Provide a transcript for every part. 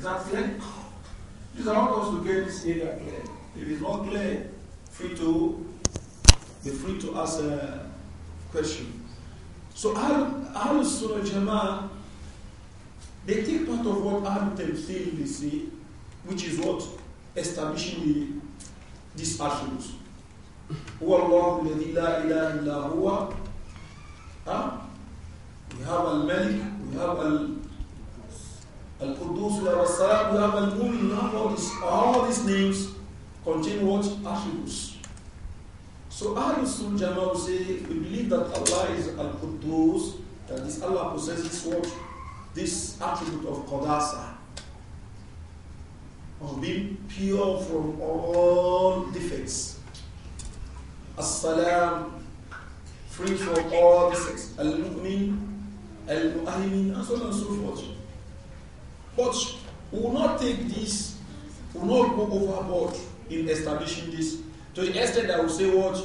Is that clear? Please allow us to get this area clear. If it's not clear, free to be free to ask a uh, question. So Ahlul Surah Jama'ah, they take part of what Ahlul Tamthil they see, which is what? Establishing the, these attributes. هو الله illa? لا إله إلا هو ها we have Malik. we have Al Qudus, Al Rassaq, we have Al Mumin, all these, all these names contain what? Attributes. So Ahlul Sunnah Jama'ah say, we believe that Allah is Al Qudus, that this Allah possesses what? This attribute of Qadasa, of being pure from all defects. As-salam, free from all defects. Al-mu'min, al-mu'ahmin, and so on and so forth. But we will not take this, we will not go overboard in establishing this to the extent that we say what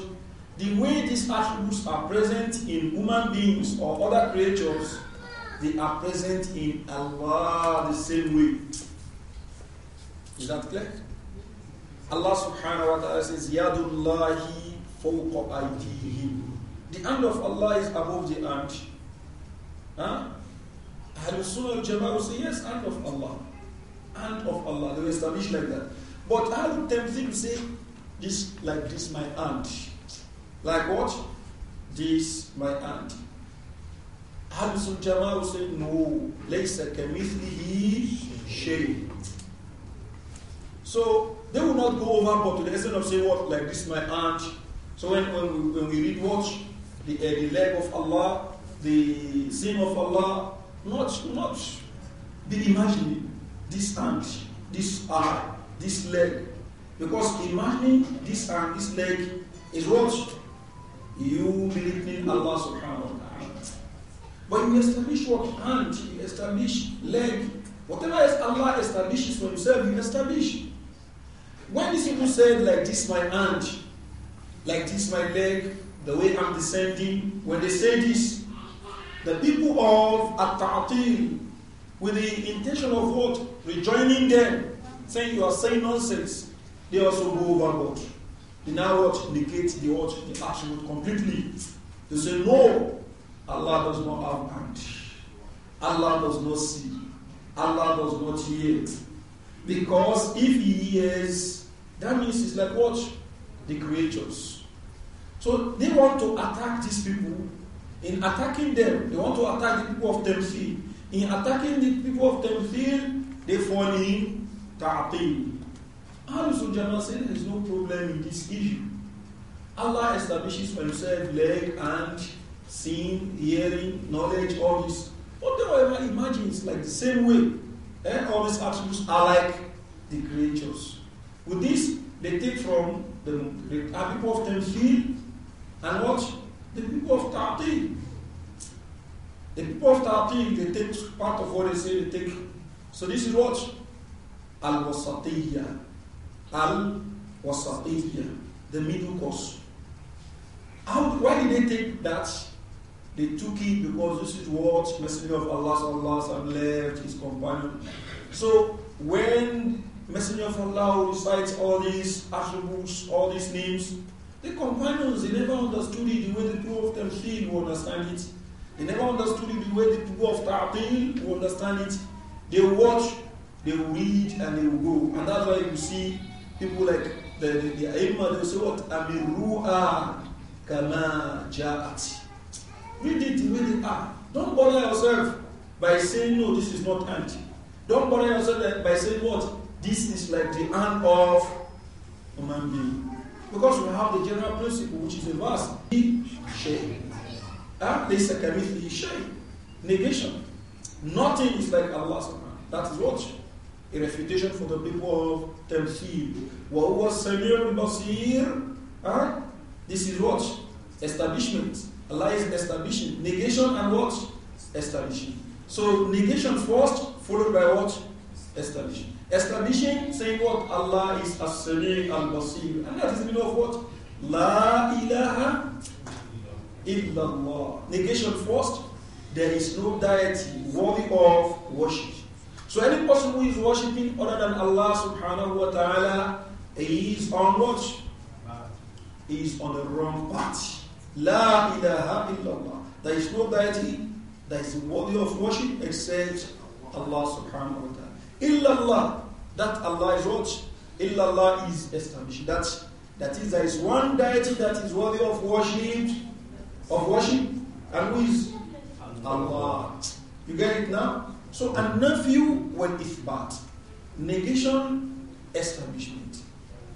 the way these attributes are present in human beings or other creatures, they are present in Allah the same way. Is that clear? Allah subhanahu wa ta'ala says, Yadullahi fawqa The hand of Allah is above the hand. Huh? Ahlul Jama'ah say, yes, aunt of Allah. aunt of Allah. They will establish like that. But Ahlul to say, this, like this, my aunt, Like what? This, my aunt? Ahlul Jama'ah say, no. Laysa kamithlihi shay. So, they will not go overboard to the extent of saying what? Like this, my aunt. So when, when, we, when we read what? The, uh, the leg of Allah, the sin of Allah, not, not be imagining this hand, this eye, this leg. Because imagining this hand, this leg is what? You in Allah subhanahu wa ta'ala. But you establish what hand, you establish leg. Whatever is Allah establishes for yourself, you establish. When these people said, like this my hand, like this my leg, the way I'm descending, when they say this, the people of at with the intention of what? Rejoining them, saying you are saying nonsense. They also go overboard. They now what? Negate the what? The attribute completely. They say, no, Allah does not have hand. Allah does not see. Allah does not hear. Because if he hears, that means it's like what? The creatures. So they want to attack these people in attacking them, they want to attack the people of Temsil. In attacking the people of Temsil, they fall in ta'atil. Ahlul Jama said there is no problem in this issue. Allah establishes for himself leg and seeing, hearing, knowledge, all this. Whatever imagines, like the same way. Eh? All these attributes are like the creatures. With this, they take from the, the people of Temsil and what? the people of Ta'atim. The people of Ta'atim, they take part of what they say they take. So this is what? Al-Wasatiyya. Al-Wasatiyya. The middle course. How, why did they take that? They took it because this is what Messenger of Allah sallallahu left his companion. So when Messenger of Allah recites all these attributes, all these names, the companions, they never understood it the way the people of Tamshil to understand it. They never understood it the way the people of Ta'atil will understand it. They watch, they read, and they will go. And that's why you see people like the, the, the they say what? Amiru'a kama ja'at. Read it the way they are. Don't bother yourself by saying, no, this is not anti. Don't bother yourself by saying what? This is like the hand of man being. Because we have the general principle, which is a verse, shay. And they second shay. Negation. Nothing is like Allah subhanahu. That is what? A refutation for the people of Tamthil. وَهُوَ السَّمِيعُ الْبَصِيرُ huh? This is what? Establishment. Allah is establishing. Negation and what? Establishing. So negation first, followed by what? Establishing. Establishing, saying what? Allah is As-Sami' Al-Basir. And that is the meaning of what? La ilaha illallah. Negation first, there is no deity worthy of worship. So any person who is worshipping other than Allah subhanahu wa ta'ala is on what? Is on the wrong path. La ilaha illallah. There is no deity that is worthy of worship except Allah subhanahu wa ta'ala illallah, that Allah is what? Illallah is established. That, that is, there is one deity that is worthy of worship, of worship, and who is Allah. You get it now? So, a nephew when bad. Negation, establishment.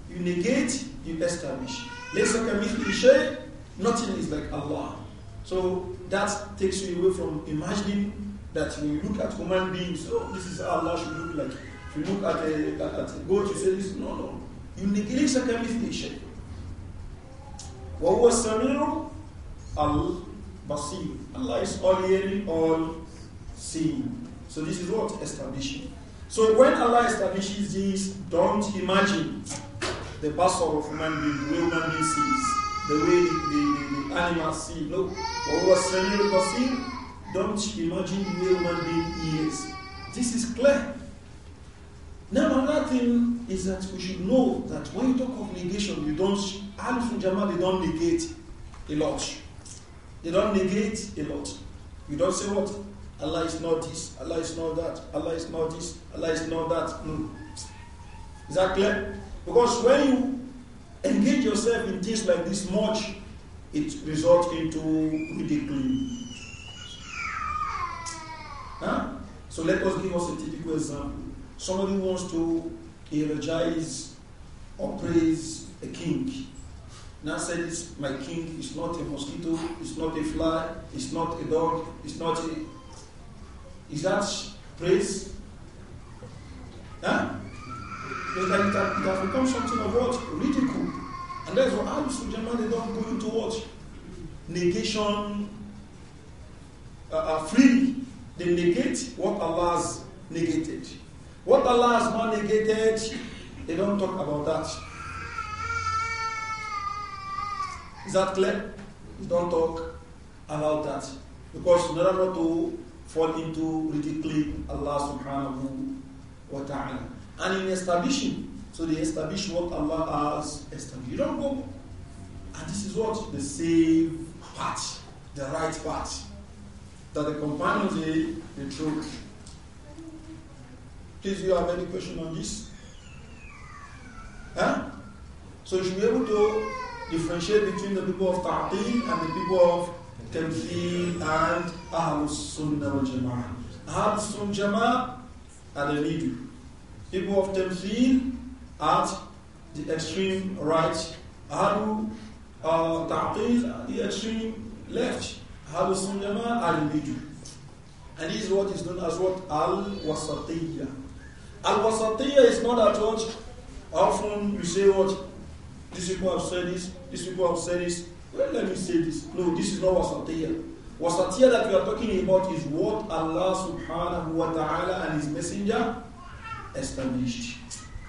You negate, you establish. nothing is like Allah. So, that takes you away from imagining that when you look at human beings, oh, this is how Allah should look like. If you look at a, at a goat, you say this. No, no. You negligence كمثل was وهو السميع البصير. Allah is all hearing, all seeing. So this is what establishing. So when Allah establishes this, don't imagine the basar of human being, the way human being sees, the way the, the, the animals see. No. وهو السميع البصير don't imagine real one being is. This is clear. Now, another thing is that we should know that when you talk of negation, you don't, Ahlus and Jamal, they don't negate a lot. They don't negate a lot. You don't say what? Allah is not this, Allah is not that, Allah is not this, Allah is not that. No. Is that clear? Because when you engage yourself in things like this much, it results into ridicule. Huh? So let us give us a typical example. Somebody wants to eulogize or praise a king. Now said, my king is not a mosquito, it's not a fly, it's not a dog, it's not a... Is that praise? Huh? like it has, it has become something of what? Ridicule. And that's what Ahlul Sunnah they don't go into what? Negation uh, uh, they negate what Allah has negated. What Allah has not negated, they don't talk about that. Is that clear? They don't talk about that. Because in order not to fall into ridiculing Allah subhanahu wa ta'ala. And in establishing, so they establish what Allah has established. You don't go. And this is what the same part, the right part that accompany the, the truth. Please, you have any question on this? Huh? So you should be able to differentiate between the people of Ta'qeel and the people of Temfi and Ahlul Sunnah wal Jama'ah. Sunnah Jama'ah are the middle. People of Temfi at the extreme right. Ahlul uh, Ta'qeel at the extreme left. Ahlul Sunnah are in middle. And this is what is known as what? Al-Wasatiyya. Al-Wasatiyya is not a church often you say what? this people have said this, these people have said this. Well, let me say this. No, this is not Wasatiyya. Wasatiyya that we are talking about is what Allah subhanahu wa ta'ala and His Messenger established.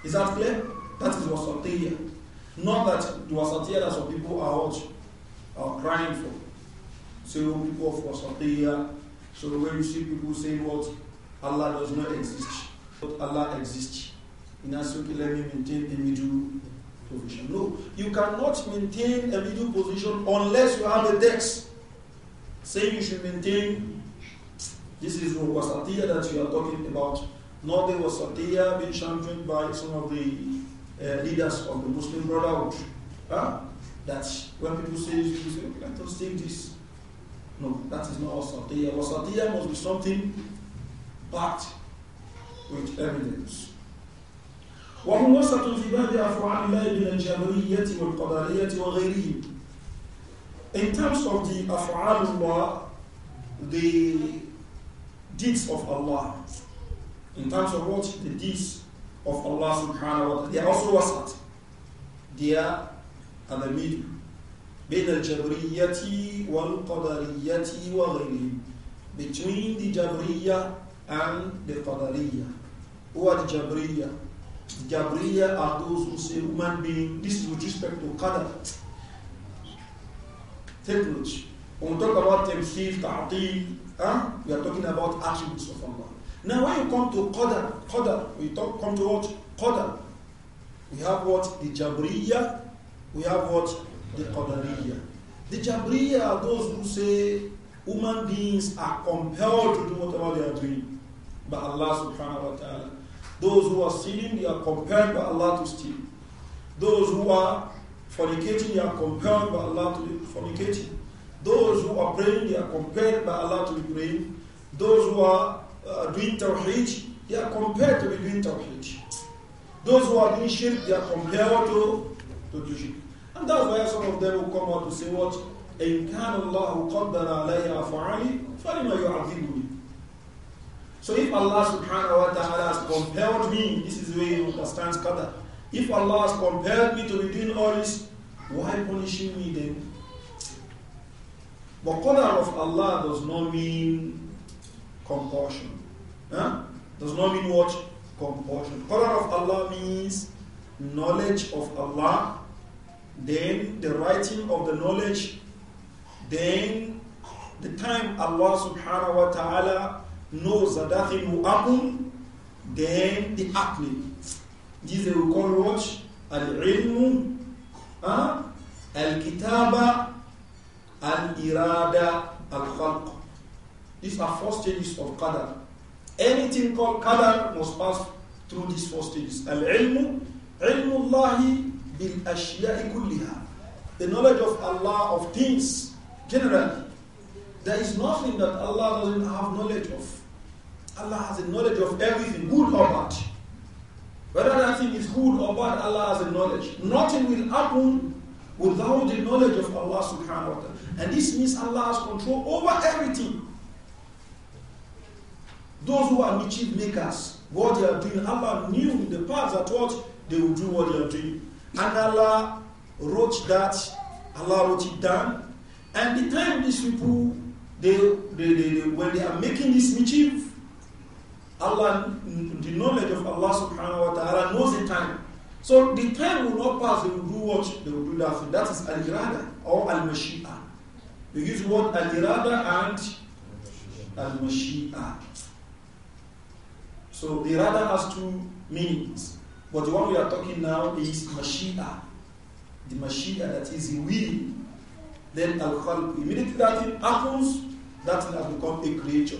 Is that clear? That is Wasatiyya. Not that the Wasatiyya that some people are, what, are crying for. Some people of Wasatiyah. So when you see people saying what Allah does not exist, but Allah exists, in Asuki, let me maintain a middle position. No, you cannot maintain a middle position unless you have a text saying you should maintain. This is the wasatiyah that you are talking about, not the wasatiyah being championed by some of the uh, leaders of the Muslim Brotherhood. Huh? That when people say, people say okay, let us take this no, that is not wasatiyah. Wasatiyah must be something backed with evidence. وهم وسط في باب أفعال الله من الجبرية والقدرية وغيرهم. In terms of the أفعال الله, the deeds of Allah, in terms of what the deeds of Allah subhanahu wa ta'ala, they are also wasat. They are at the middle. بين الجبرية والقدرية وغيرهم between the جبرية and the قدرية who are the جبرية the جبرية are those who say human being this is with respect to قدر تدرج when we talk about تمثيل تعطيل huh? we are talking about attributes of Allah now when you come to قدر قدر we talk, come to what? قدر we have what? the جبرية we have what? the Qadariya. The Jabriya are those who say human beings are compelled to do whatever they are doing by Allah subhanahu wa ta'ala. Those who are stealing, they are compelled by Allah to steal. Those who are fornicating, they are compelled by Allah to be fornicating. Those who are praying, they are compelled by Allah to be praying. Those who are uh, doing tawheed, they are compelled to be doing tawheed. Those who are doing shirk, they are compelled to, to do shirk. And that's why some of them will come out to say, What? إن كان الله قدر علي أفعالي فلما يعذبني So if Allah subhanahu wa ta'ala has compelled me, this is the way you understand Qadar. If Allah has compelled me to be doing all this, why punishing me then? But Qadar of Allah does not mean compulsion. Huh? Does not mean what? Compulsion. Qadar of Allah means knowledge of Allah then the writing of the knowledge, then the time Allah subhanahu wa ta'ala knows that that thing will happen, then the happening. This they called call what? Al-ilmu, huh? Ah, al-kitaba, al-irada, al-khalq. These are four stages of qadar. Anything called qadar must pass through these four stages. Al-ilmu, Allahi. The knowledge of Allah of things generally. There is nothing that Allah doesn't have knowledge of. Allah has a knowledge of everything, good or bad. Whether that thing is good or bad, Allah has a knowledge. Nothing will happen without the knowledge of Allah subhanahu wa ta'ala. And this means Allah has control over everything. Those who are mischief makers, what they are doing, Allah knew in the past that what they will do what they are doing. And Allah wrote that, Allah wrote it down. And the time these people, they, they, they, they when they are making this mischief, Allah, the knowledge of Allah subhanahu wa ta'ala knows the time. So the time will not pass, they will do what? They will do that. So that is al-irada or al-mashi'a. We use word al-irada and al-mashi'a. So the irada has two meanings. But the one we are talking now is Mashiach, The Mashiach that is the will. Then Al Khalq. Immediately that it happens, that thing has become a creature.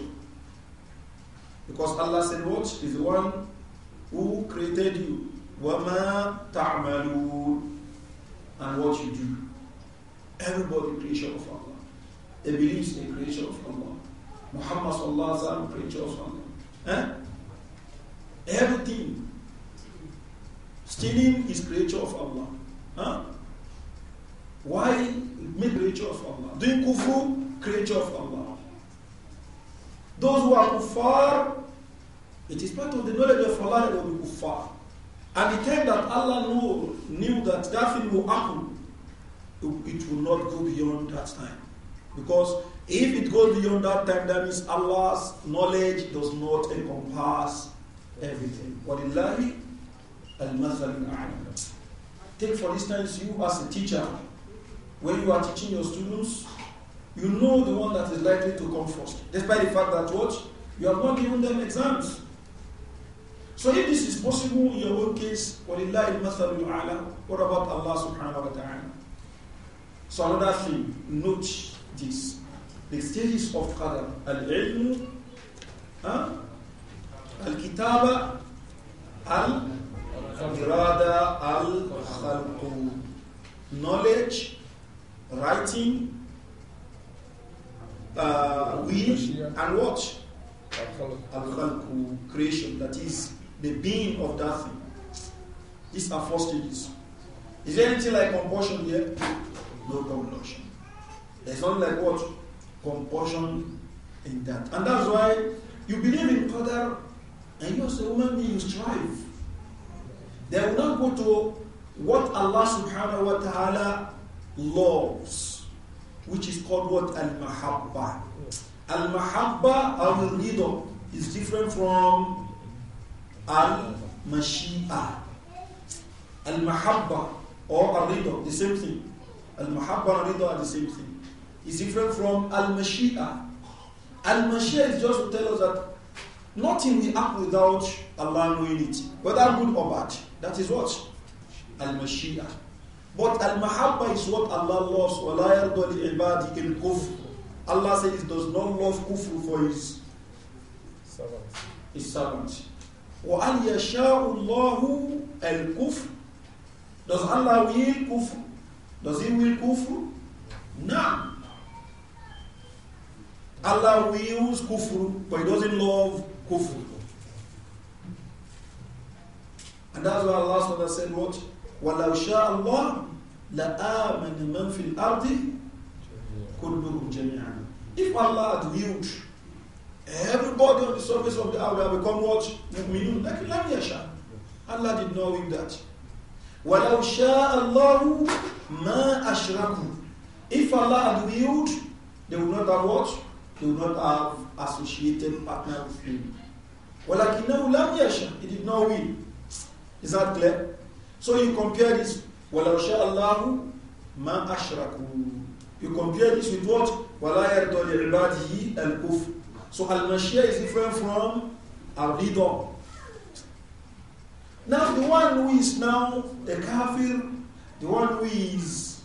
Because Allah said, What is the one who created you? Wama ta'malun. And what you do. Everybody creation of Allah. They believe in creation of Allah. Muhammad sallallahu alaihi wasallam creature of Allah. Eh? Everything Stealing is creature of Allah. Huh? Why make creature of Allah? Doing kufu, creature of Allah. Those who are kufar, it is part of the knowledge of Allah that they will be And the time that Allah knew, knew that that thing will happen, it will not go beyond that time. Because if it goes beyond that time, that means Allah's knowledge does not encompass everything. المثل الأعلى Take for instance you as a teacher, when you are teaching your students, you know the one that is likely to come first, despite the fact that what? You have not given them exams. So if this is possible in your own case, وَلِلَّهِ الْمَثَلُ الْعَلَى What about Allah subhanahu wa ta'ala? So another thing, note this. The stages of Qadr, al-ilm, huh? al-kitaba, al Rather, al khalqu. Knowledge, writing, uh, will, and what? Al khalqu, creation. That is the being of that thing. These are four stages. Is there anything like compulsion here? No compulsion. There's nothing like what? Compulsion in that. And that's why you believe in Qadar and you as a human being strive they will not go to what Allah subhanahu wa ta'ala loves, which is called what? Al-Mahabba. Al-Mahabba, al-rido is different from Al-Mashi'a. Al-Mahabba or al rido the same thing. Al-Mahabba and al rido are the same thing. It's different from Al-Mashi'a. Al-Mashi'a is just to tell us that nothing will happen without Allah knowing it, whether good or bad. That is what? Al-Mashi'ah. But Al-Mahabba is what Allah loves. وَلَا يَرْضَ Allah says He does not love kufr for His servants. His servants. اللَّهُ الْكُفْرِ Does Allah will kufr? Does He will kufr? No. Allah wills kufr, but He doesn't love kufr. And that's why Allah said what? وَلَوْ شَاءَ اللَّهُ لَآمَنَ مَنْ فِي الْأَرْضِ كُلُّهُمْ جَمِيعًا If Allah had willed, everybody on the surface of the earth would have become what? مُؤْمِنُونَ لَكِنْ لَمْ يَشَاء Allah did not will that. وَلَوْ شَاءَ اللَّهُ مَا أَشْرَكُوا If Allah had willed, they would not have what? They would not have associated partner with him. وَلَكِنَّهُ لَمْ يَشَاء He did not will. Is that clear? So you compare this, وَلَوْ شَاءَ اللَّهُ مَا أَشْرَكُوا You compare this with what? وَلَا يَرْضَ لِعِبَادِهِ الْكُفْرِ So al-mashia is different from al-ridha. Now the one who is now a kafir, the one who is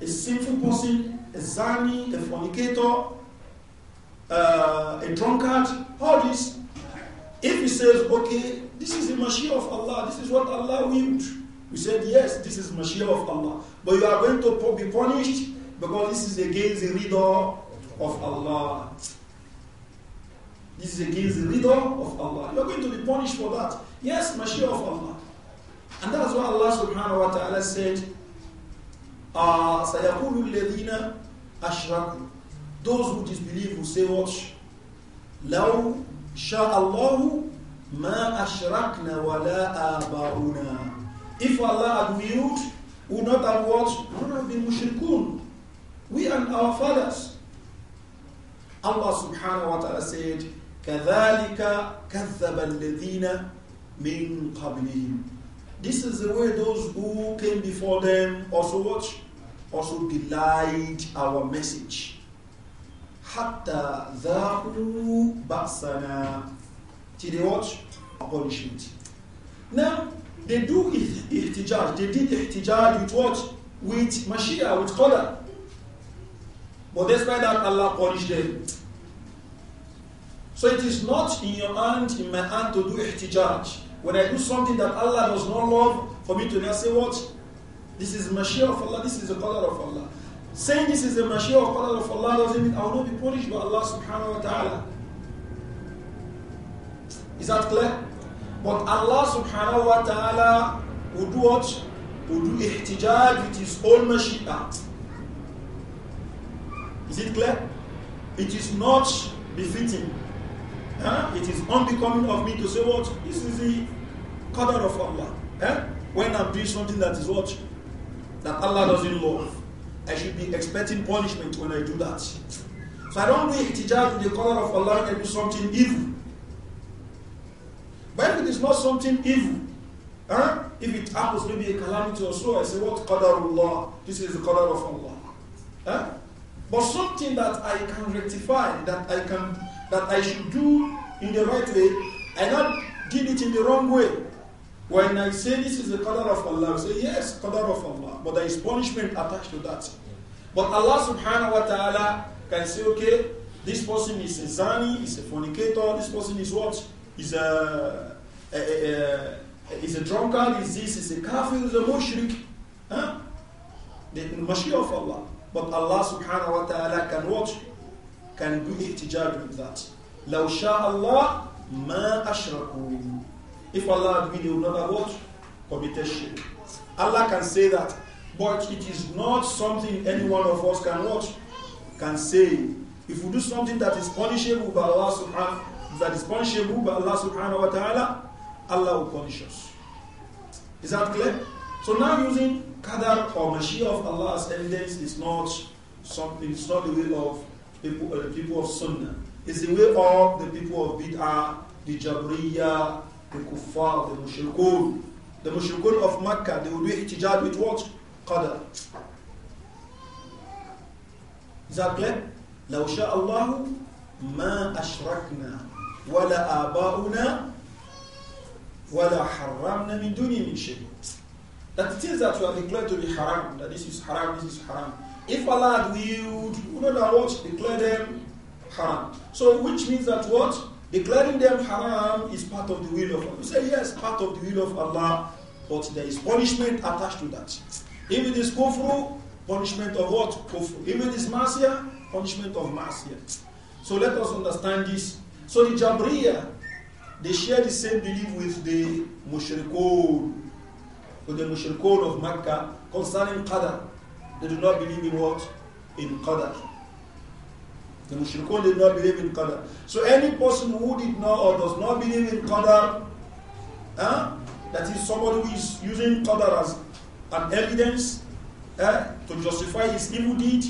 a sinful person, a zani, a fornicator, uh, a drunkard, all this, if he says, okay, this is the Mashiach of Allah. This is what Allah willed. We said, yes, this is Mashiach of Allah. But you are going to be punished because this is against the leader of Allah. This is against the leader of Allah. You are going to be punished for that. Yes, Mashiach of Allah. And that's why Allah subhanahu wa ta'ala said, uh, الَّذِينَ أَشْرَكُوا Those who disbelieve will say what? لَوْ شَاءَ اللَّهُ if Allah had willed, would not have what? Would have been mushrikun. We and our fathers. Allah subhanahu wa ta'ala said, كَذَلِكَ كَذَّبَ الَّذِينَ مِنْ قَبْلِهِمْ This is the way those who came before them also what? Also delight our message. حَتَّى ذَاقُوا بَأْسَنَا till the what? Punishment. Now, they do ihtijaj. They did ihtijaj with what? With Mashiach, with colour. But despite that, Allah punished them. So it is not in your hand, in my hand to do ihtijaj. When I do something that Allah does not love, for me to now say what? This is Mashiach of Allah, this is the Qadar of Allah. Saying this is the Mashiach of colour of Allah doesn't mean I will not be punished by Allah subhanahu wa ta'ala. Is that clear? But Allah subhanahu wa ta'ala will do what? Will do ihtijaj with his own mashi'at. Is it clear? It is not befitting. Huh? It is unbecoming of me to say what? This is the qadr of Allah. Huh? When I'm doing something that is what? That Allah doesn't love. I should be expecting punishment when I do that. So I don't do ihtijaj with the qadr of Allah and do something evil. But if it is not something evil, huh? if it happens maybe a calamity or so, I say, what qadarullah? This is the qadar of Allah. Huh? But something that I can rectify, that I can, that I should do in the right way, I not did it in the wrong way. When I say this is the qadar of Allah, I say yes, qadar of Allah. But there is punishment attached to that. But Allah subhanahu wa ta'ala can say, okay, this person is a zani, is a fornicator, this person is what? is a, a, a, a, is a drunkard, is this, is a kafir, is a mushrik. Huh? The mashia of Allah. But Allah subhanahu wa ta'ala can watch, can do ihtijaj with that. لو شاء الله ما أشركوا If Allah had willed, they would not have what? Committed shirk. Allah can say that, but it is not something any one of us can watch, can say. If we do something that is punishable by Allah subhanahu that is punishable by Allah subhanahu wa ta'ala, Allah will punish us. Is that clear? So now using qadar or mashia of Allah as evidence is not something, it's not the way of people, uh, people of sunnah. It's the way of the people of bid'ah, the jabriya, the kuffar, the mushrikun. The mushrikun of Makkah, they will do ihtijaj with what? Qadar. Is that clear? لو شاء الله ما أشركنا ولا آباؤنا ولا حرمنا من دوني من شيء that it is that we are declared to be haram, that this is haram, this is haram. If Allah had willed, would not what? Declare them haram. So which means that what? Declaring them haram is part of the will of Allah. You say yes, part of the will of Allah, but there is punishment attached to that. If it is kufu, punishment of what? kufu. If it is masya, punishment of masya. So let us understand this so the Jabriya, they share the same belief with the Mushrikun, with the Mushrikun of Makkah concerning Qadr. They do not believe in what? In Qadr. The Mushrikun did not believe in Qadr. So any person who did not or does not believe in Qadr, huh? Eh, that is somebody who is using Qadr as an evidence eh, to justify his evil deed,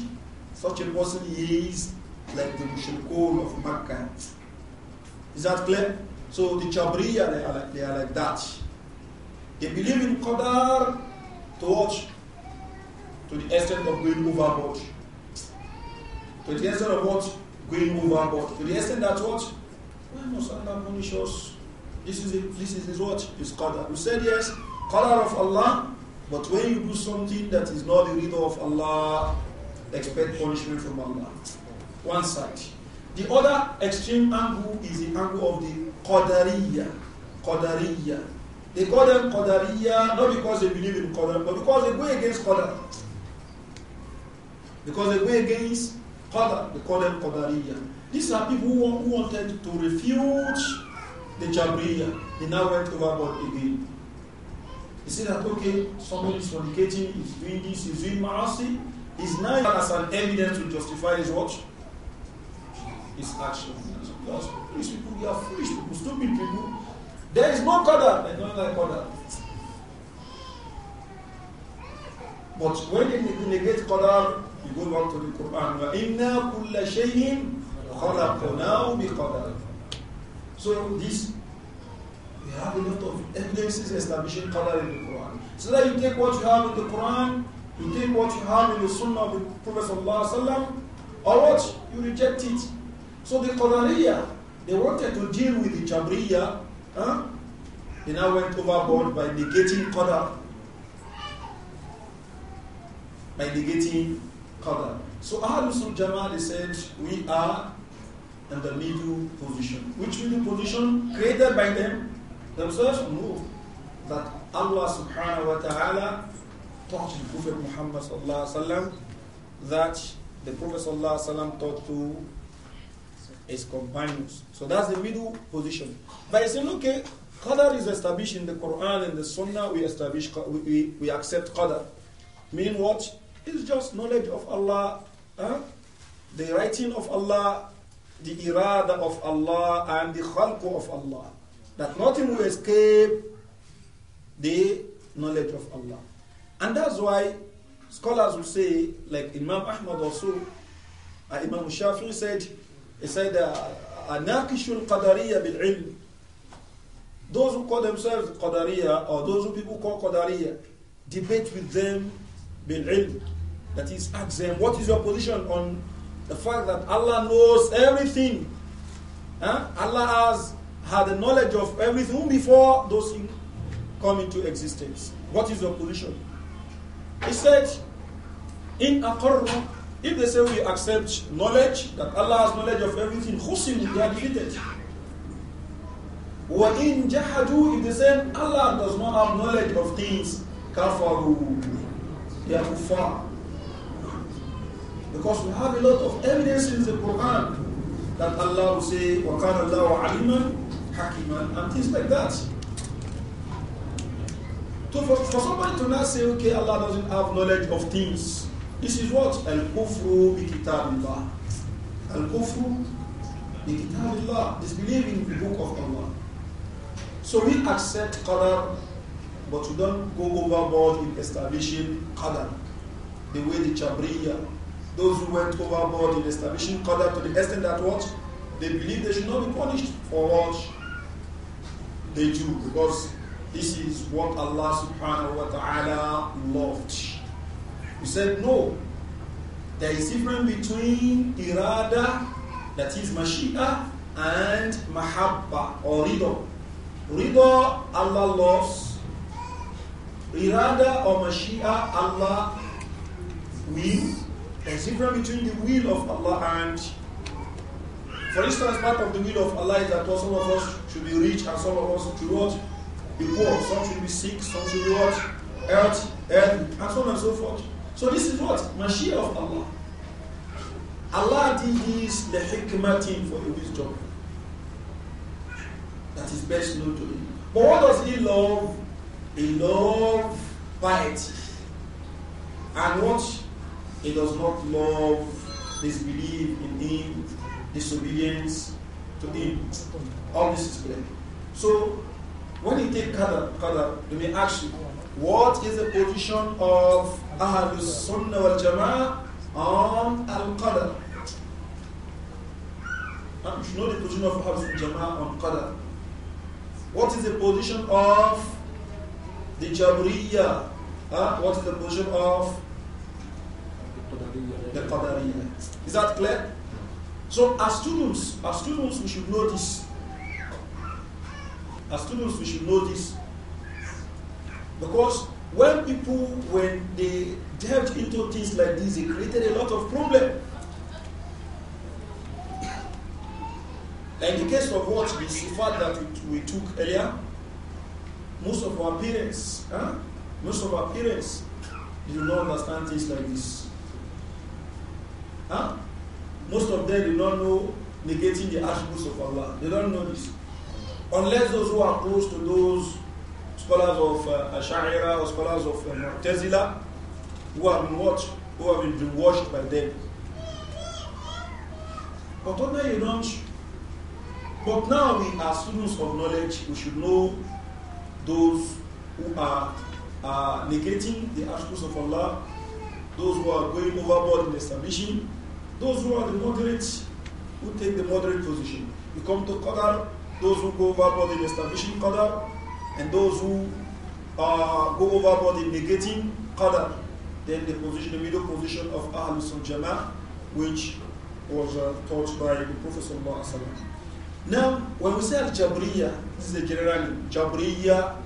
such a person is like the Mushrikun of Makkah. Is that clear? So the Chabriya, they are like, they are like that. They believe in Qadar to watch To the extent of going overboard. To the extent of what? Going overboard. To the extent that what? Why must Allah punish us? This is it. This is his what? His qadar. You said yes, qadar of Allah. But when you do something that is not the riddle of Allah, expect punishment from Allah. One side. The other extreme angle is the angle of the Qadariya. Qadariya. They call them Qadariya not because they believe in Qadar, but because they go against Qadar. Because they go against Qadar, they call them Qadariya. These are people who, who wanted to refute the Jabriya. They now went overboard again. They said that, okay, someone is fornicating, he's doing this, he's doing Marasi. He's now as an evidence to justify his watch." his action. Because foolish people, we are foolish people, stupid people. There is no qadar. They don't like But when you negate qadar, you go back to the Quran. وَإِنَّا كُلَّ شَيْءٍ خَلَقْنَاهُ بِقَدَرٍ So this, we have a lot of evidences establishing qadar in the Quran. So that you take what you have in the Quran, you take what you have in the Sunnah of the Prophet or what, you reject it. So the Qadariya, they wanted to deal with the Jabriya. Huh? They now went overboard by negating Qadar. By negating Qadar. So Ahlul Jamal said, we are in the middle position. Which middle position? Created by them themselves? No. That Allah subhanahu wa ta'ala taught the Prophet Muhammad sallallahu alaihi wasallam that the Prophet sallallahu alaihi wasallam taught to his companions. So that's the middle position. But By saying, okay, qadar is established in the Quran and the Sunnah, we establish, we, we, we accept qadar. Meaning what? It's just knowledge of Allah, huh? the writing of Allah, the irada of Allah, and the khalqu of Allah. That nothing will escape the knowledge of Allah. And that's why scholars will say, like Imam Ahmad also, uh, Imam Shafi'i said, he said, uh, Anakishul bil ilm. Those who call themselves Qadariya, or those who people call Qadariya, debate with them bil ilm. That is, ask them, what is your position on the fact that Allah knows everything? Huh? Allah has had the knowledge of everything before those things come into existence. What is your position? He said, In aqarru if they say we accept knowledge, that Allah has knowledge of everything, khusim, they are defeated. in جَحَدُوا If they say Allah does not have knowledge of things, kafaru. They are kuffar. Because we have a lot of evidence in the Quran that Allah will say, وَكَانَ اللَّهُ عَلِيمًا hakim and things like that. So for, for somebody to not say, okay, Allah doesn't have knowledge of things, this is what? Al-kufru bi kitabillah. Al-kufru bi kitabillah. Disbelief in the book of Allah. So we accept qadar, but we don't go overboard in establishing qadar. The way the Chabriya, those who went overboard in establishing qadar to the extent that what? They believe they should not be punished for what they do because this is what Allah subhanahu wa ta'ala loved. He said, no. There is difference between irada, that is mashia, and mahabba, or rido. Rido Allah loves. Irada or mashia, Allah will. There is difference between the will of Allah and for instance, part of the will of Allah is that some of us should be rich and some of us should what? Be poor, some should be sick, some should be what? Health, health, and so on and so forth. So this is what? Mashiach of Allah. Allah did this lehikmatin for the wisdom that is best known to him. But what does he love? He loves piety. And what? He does not love disbelief in him, disobedience to him. All this is clear. So when you take Qadr, Qadr, they may ask you, what is the position of Ahlul Sunnah wal Jama'ah on Al Qadr? You should know the position of Ahlul Sunnah Jama'ah on Qadr. What is the position of the Jabriya? Huh? What is the position of the Qadariya? Is that clear? So as students, as students we should know this. As students we should know this because when people, when they delved into things like this, it created a lot of problem. in the case of what the sifat that we, we, took earlier, most of our parents, huh? most of our parents do not understand things like this. Huh? Most of them do not know negating the attributes of Allah. They don't know this. Unless those who are close to those scholars of uh, Ash'ira or scholars of uh, Mu'tazila who have been watched, who have been washed by them. But now you don't. But now we are students of knowledge. We should know those who are uh, negating the attributes of Allah, those who are going overboard in establishing, those who are the moderate, who take the moderate position. You come to Qadar, those who go overboard in establishing Qadar, and those who uh, go overboard in negating qadar, then the position, the middle position of al Jama'ah, which was uh, taught by the Prophet Sallallahu Now, when we say Al-Jabriya, this is the general Jabriya,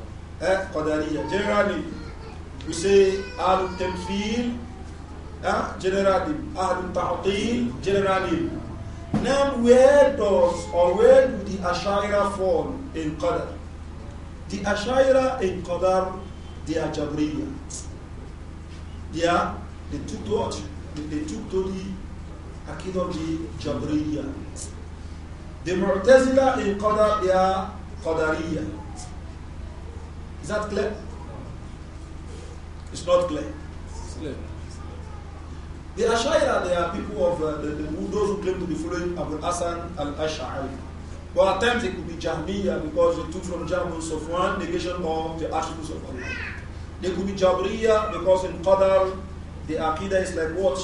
eh, Qadariya, generally, we say al Tamfil, eh, generally, Ahlul Ta'atil, generally. Now, where does or where do the Ashaira fall in Qadar? The Ashaira and Qadar, they are Jabriya. They are, they took what? They, they took to the Akid of the Jabriya. The Mu'tazila and Qadar, they are Qadariya. Is that clear? It's not clear. It's clear. The Ashaira, they are people of uh, the, the, those who claim to be following Abu Hassan al-Ash'ari. Well, at times it could be Jahmiyyah uh, because they took from Jahmul one negation of the attributes of Allah. They could be Jabriyyah uh, because in Qadar the Aqidah is like what?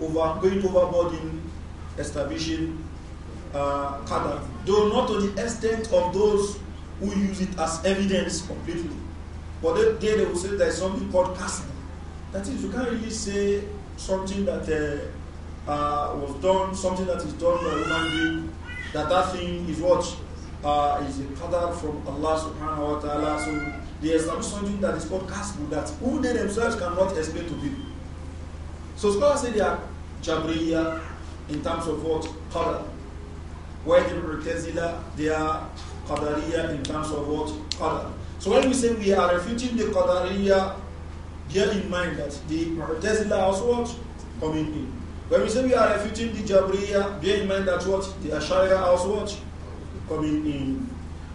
Over, going overboard in establishing uh, Qadar. Though not to the extent of those who use it as evidence completely. But then they, they will say there is something called casting. That is, you can't really say something that uh, uh, was done, something that is done by a human being that that thing is what uh, is a kaddar from Allah subhanahu wa ta'ala. So they establish something that is called kasbu that who they themselves cannot explain to people. So scholars say they are Jabriya in terms of what? Qadar. Where the Mu'tazila, they are Qadariya in terms of what? Qadar. So when we say we are refuting the Qadariya, bear in mind that the Mu'tazila also what? Coming in. When we say we are refuting the Jabriya, bear in mind that what? The Ashariya also what? Coming in.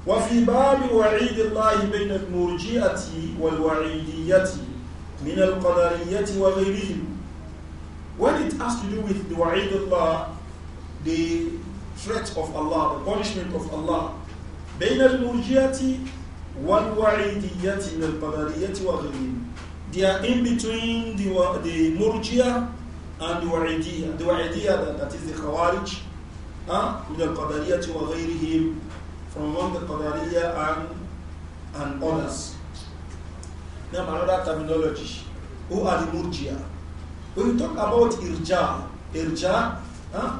وفي باب وعيد الله بين المرجئة والوعيدية من القدرية وغيرهم When it has to do with the wa'id Allah, the threat of Allah, the punishment of Allah, بين المرجئة والوعيدية من القدرية وغيرهم They are in between the, the murjia and the Wa'idiyah. The Wa'idiyah, that, that is the Khawarij, huh? من القدرية وغيرهم from among the Qadariyah and, and others. Now another terminology. Who are the Murjia? When we talk about Irja, Irja, huh?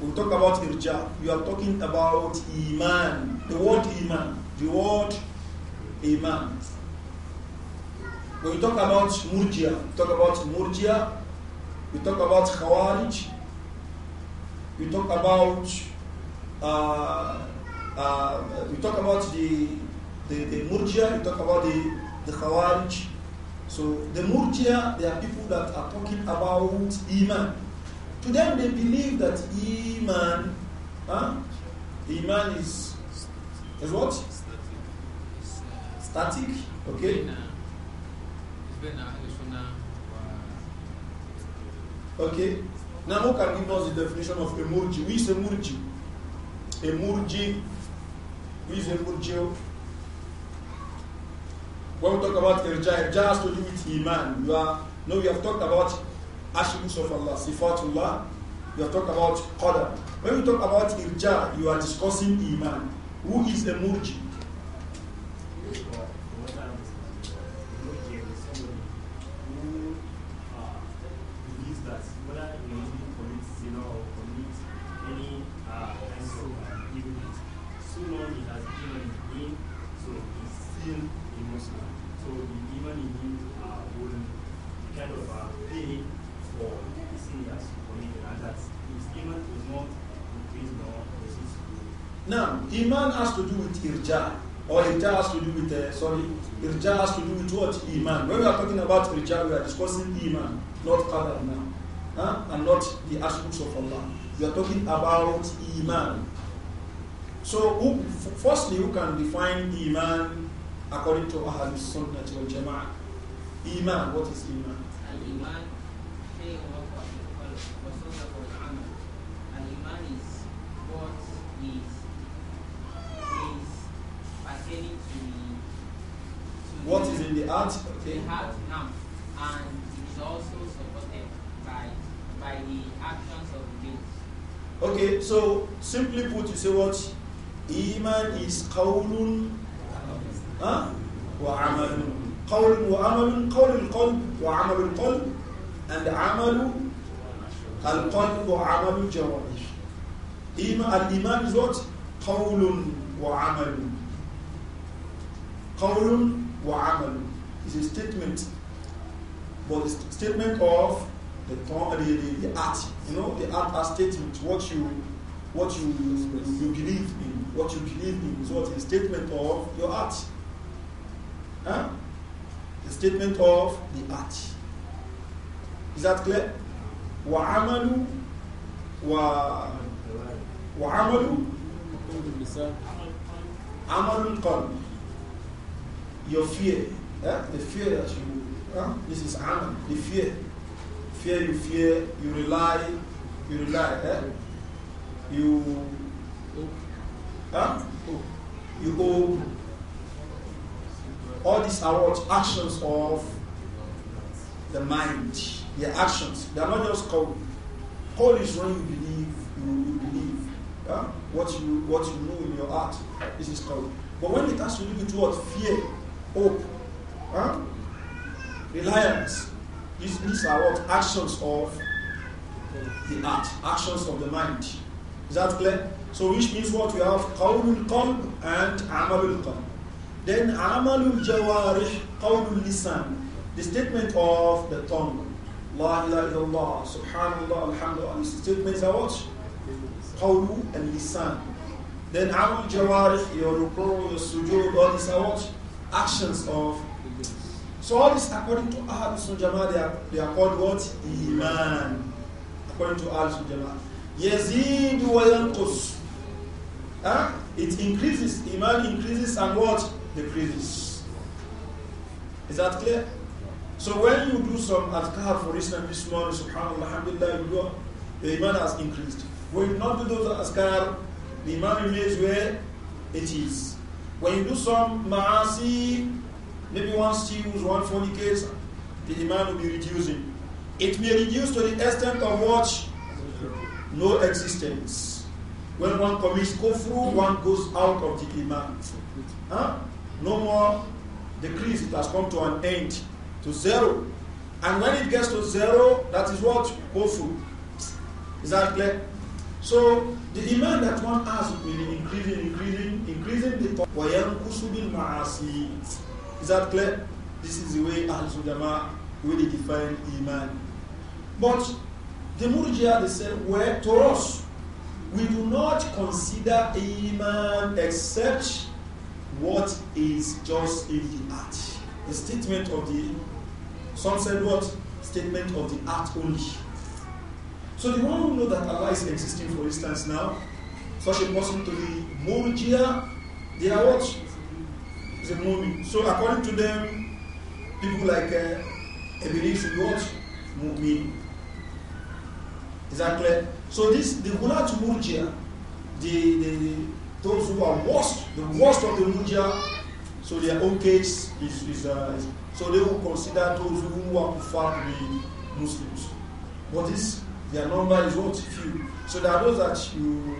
we talk about Irja, you are talking about Iman, the word Iman, the word Iman. When we talk about Murjia, talk about Murjia, you talk about Khawarij, you talk about uh, uh, you talk about the, the, the Murjia, you talk about the, the Khawarij. So the Murjia, they are people that are talking about Iman. To them, they believe that Iman, huh? Iman is, is what? Static. okay? It's been, uh, it's been, uh, Okay? Now, who can give us the definition of a Who is a Emurji. A Who is a When we talk about irja, irja has to do with iman. You are, no, we have talked about attributes of Allah, sifatullah. We have talked about qadar. When we talk about irja, you are discussing iman. Who is a Now, Iman has to do with Irja, or Irja has to do with, uh, sorry, Irja has to do with what? Iman. When we are talking about Irja, we are discussing Iman, not Qadar now, huh? and not the attributes of Allah. We are talking about Iman. So, who, firstly, who can define Iman according to Ahlul Sunnah wal Jama'ah? Iman, what is Iman? Al-Iman, iman is what is pertaining to the to what the, is in the heart? Okay. The heart now, and it is also supported by by the actions of the limbs. Okay, so simply put, you say what? Iman is qawlun huh? wa amalun. Qawlun wa amalun, qawlun qalb wa amalun qalb, and amalu al-qalb wa amalu jawarih. Iman, al-iman is what? Qawlun wa amalun. Qawlun wa amalu. is a statement, but it's a statement of the, the, the, the art. You know, the art as statement, what you what you, you believe in, what you believe in is what is a statement of your art. Huh? The statement of the art. Is that clear? wa و وعملوا عمل القلب your fear, eh? the fear that you, eh? this is aman, the fear. Fear you fear, you rely, you rely, eh? you, eh? you go All these are what actions of the mind. The actions. They are not just called. Call is when you believe, you, you believe. Yeah? What you what you know in your heart. This is called. But when it has to do with what? Fear hope, huh? reliance. These, these are what actions of the heart, actions of the mind. Is that clear? So which means what we have qawlul qalb and amalul qalb. Then amalul jawarih, qawlul lisan. The statement of the tongue. La ilaha illallah, subhanallah, alhamdulillah. The statements are what? Qawlu and lisan. Then amalul jawarih, your rukur, your sujood, all these are what? actions of so all this according to Ahl Sunjama they are they are called what? Iman. According to Ahl Sunjama Yazid wa It increases, Iman increases and what? Decreases. Is that clear? So when you do some adhkar, for instance, this morning, subhanAllah, alhamdulillah, you do, the iman has increased. When you not do those askar the iman remains where it is. When you do some ma'asi, maybe one steals, one fornicates, the demand will be reducing. It may reduce to the extent of what? No existence. When one commits kufru, one goes out of the iman. Huh? No more decrease, it has come to an end, to zero. And when it gets to zero, that is what? Kufru. Is that clear? So the iman that one has will be increasing, increasing, increasing. The وَيَنْكُسُ بِالْمَعَاصِي Is that clear? This is the way Al Jama really define iman. But the Murjiya, they said, where to us, we do not consider iman except what is just in the act. The statement of the, some said what? Statement of the act only. So the one who knows that Allah is existing, for instance, now, such a Muslim to the Murjia, they are what? The Mumin. So according to them, people like uh, Ebedi should be what? Mumin. Is that clear? So this, the Gulat Murjia, the, the, the, those who are worst, the worst of the Murjia, so their own case is, is, uh, is so they will consider those who are to to be Muslims. But this their number is what? Few. So there are those that you,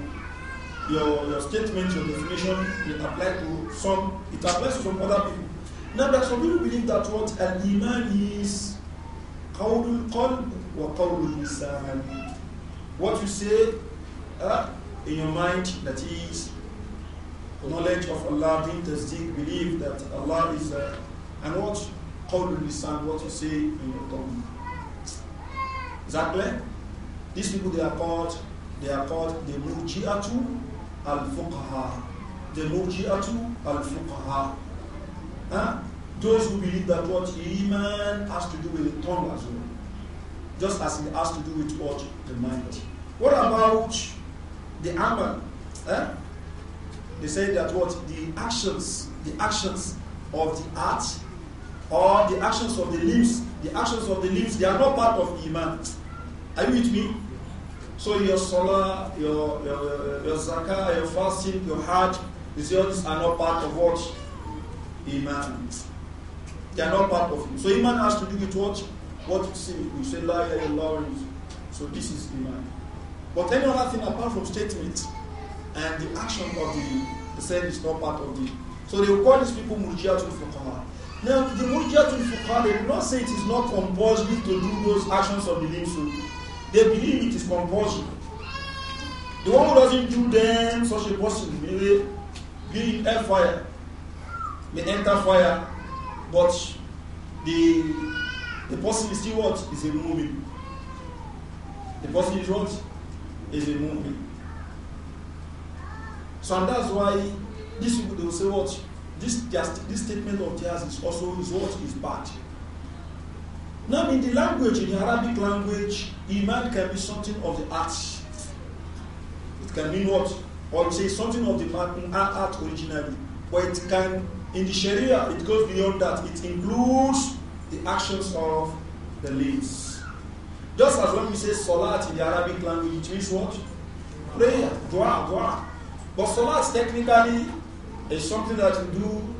your, your statement, your definition, it applies to some, it applies to some other people. Now that some people believe that what al-iman is qalb wa What you say uh, in your mind, that is knowledge of Allah, being tasdeeq, believe that Allah is, uh, and what qawlul what you say in your tongue. Is that clear? These people they are called they are called the Mujiatu al-Fuqaha. The Murji'atu al-Fuqaha. Huh? Those who believe that what Iman has to do with the tongue as well. Just as it has to do with what? The mind. What about the amal? Huh? They say that what? The actions, the actions of the heart or the actions of the limbs, the actions of the limbs, they are not part of Iman. Are you with me? So your salah, your, your, your zakah, your fasting, your hajj, these things are not part of what? Iman. They are not part of it. So Iman has to do with what? What you say. you say La ilaha illallah. So this is Iman. But any other thing apart from statement and the action of the, the said is not part of it. So they will call these people Murjiatul Fuqaha. Now the Murjiatul Fuqaha, they do not say it is not compulsory to do those actions of the limb they believe it is compulsory. The one who doesn't do them, such a person may be in air fire, may enter fire, but the the person is still what? Is a movie? The person is what? Is a movie? So and that's why these people they will say what? This, this statement of theirs is also is what is bad. Now, in the language, in the Arabic language, iman can be something of the art. It can mean what? Or say something of the art originally. But it can, in the Sharia, it goes beyond that. It includes the actions of the lips. Just as when we say salat in the Arabic language, it means what? Prayer, dua, dua. But salat technically is something that you do.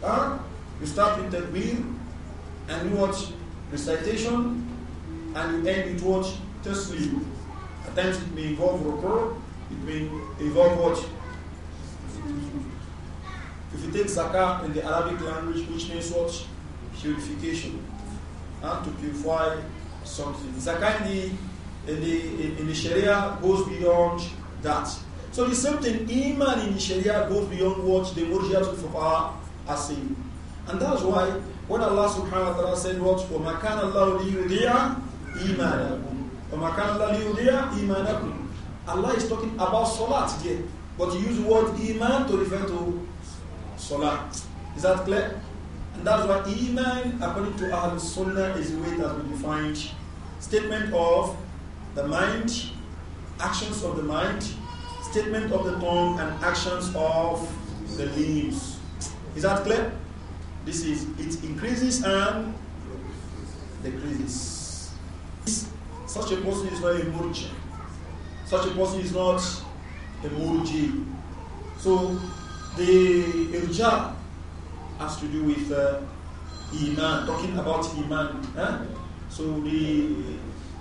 Huh? You start with the takbir and you watch recitation and you end with what? Taslim. At times it may involve rukur, it may involve what? If you take zakah in the Arabic language, which means what? Purification. Huh? To purify something. Zakah in the, in the, in the Sharia goes beyond that. So the same thing, Iman in the Sharia goes beyond what the Murjiat of are saying. And that's why when Allah subhanahu wa ta'ala said what? وَمَا كَانَ اللَّهُ لِيُضِيعَ إِيمَانَكُمْ وَمَا كَانَ اللَّهُ لِيُضِيعَ إِيمَانَكُمْ Allah is talking about salat here. But he used the word iman to refer to salat. Is that clear? And that's why iman, according to Ahl Sunnah, is the way that we define Statement of the mind, actions of the mind, statement of the tongue, and actions of the limbs. Is that clear? This is, it increases and decreases. Such a person is not a murji. Such a person is not a murji. So the irja has to do with uh, iman, talking about iman. Eh? So the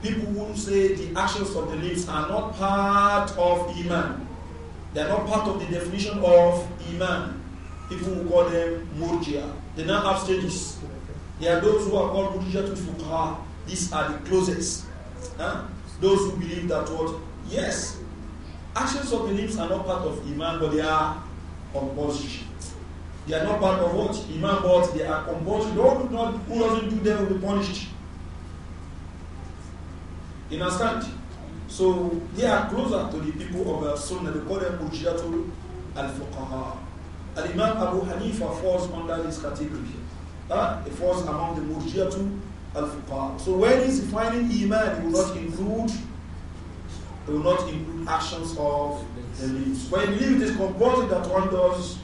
people who say the actions of the lips are not part of iman. They are not part of the definition of iman. People who call them murjiah. They now have stages. There are those who are called to Fuqaha. These are the closest. Huh? Those who believe that what? Yes. Actions or beliefs are not part of Iman, but they are compulsory. They are not part of what? Iman, but they are compulsory. who, not, who doesn't do them will be punished. You understand? So they are closer to the people of the Sunnah. They call them Buddhijatul Al-Fuqaha. And Imam Abu Hanifa falls under this category. Huh? He falls among the Murjiatu al fuqaha So when he's defining Iman, he will not include he will not include actions of the limbs. When believe it is composed that one does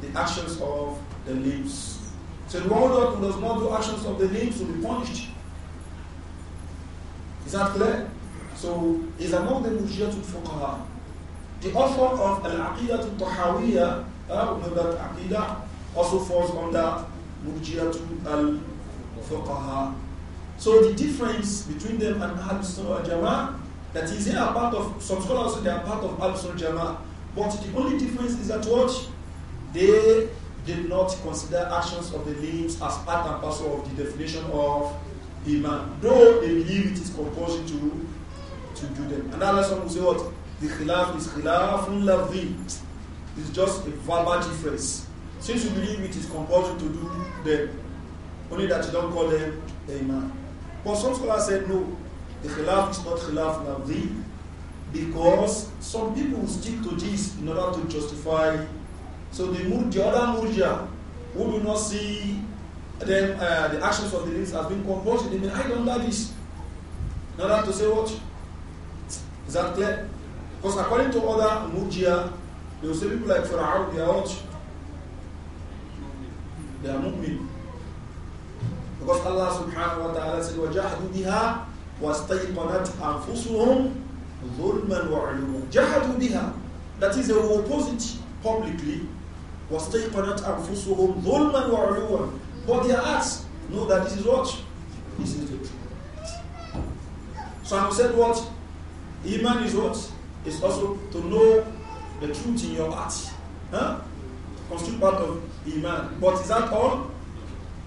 the actions of the limbs. So the one who does not do actions of the limbs will be punished. Is that clear? So is among the al Fuqaha. The author of Al-Aqidah Tahawiyah Remember, uh, Aqidah also falls under Murjiatu al Fuqaha. So the difference between them and Ahl Sunnah Jama'ah, that is, they are part of, some scholars they are part of Ahl Sunnah Jama'ah, but the only difference is that what? They did not consider actions of the limbs as part and parcel of the definition of Iman, though they believe it is compulsory to, to do them. And Allah will say what? The khilaf is khilafun lavdi. It's just a verbal difference. Since you believe it is compulsory to do them, only that you don't call them a man. But some scholars said no, the khilaf is not khilaf navdi because some people stick to this in order to justify. So the, the other murja who do not see them, uh, the actions of the limbs have been compulsory, they don't under this in order to say what? Is that clear? Because according to other murjia, they will say people like Pharaoh, they are what? They are mu'min. Because Allah subhanahu wa ta'ala said, وَجَحَدُوا بِهَا وَاسْتَيْقَنَتْ أَنفُسُهُمْ ظُلْمًا وَعُلُوًا جَحَدُوا بِها That is, they will oppose it publicly. وَاسْتَيْقَنَتْ أَنفُسُهُمْ ظُلْمًا وَعُلُوًا But their acts know that this is what? This is the truth. So I said what? Iman is what? Is also to know the truth in your heart. Huh? Constitute part of Iman. But is that all?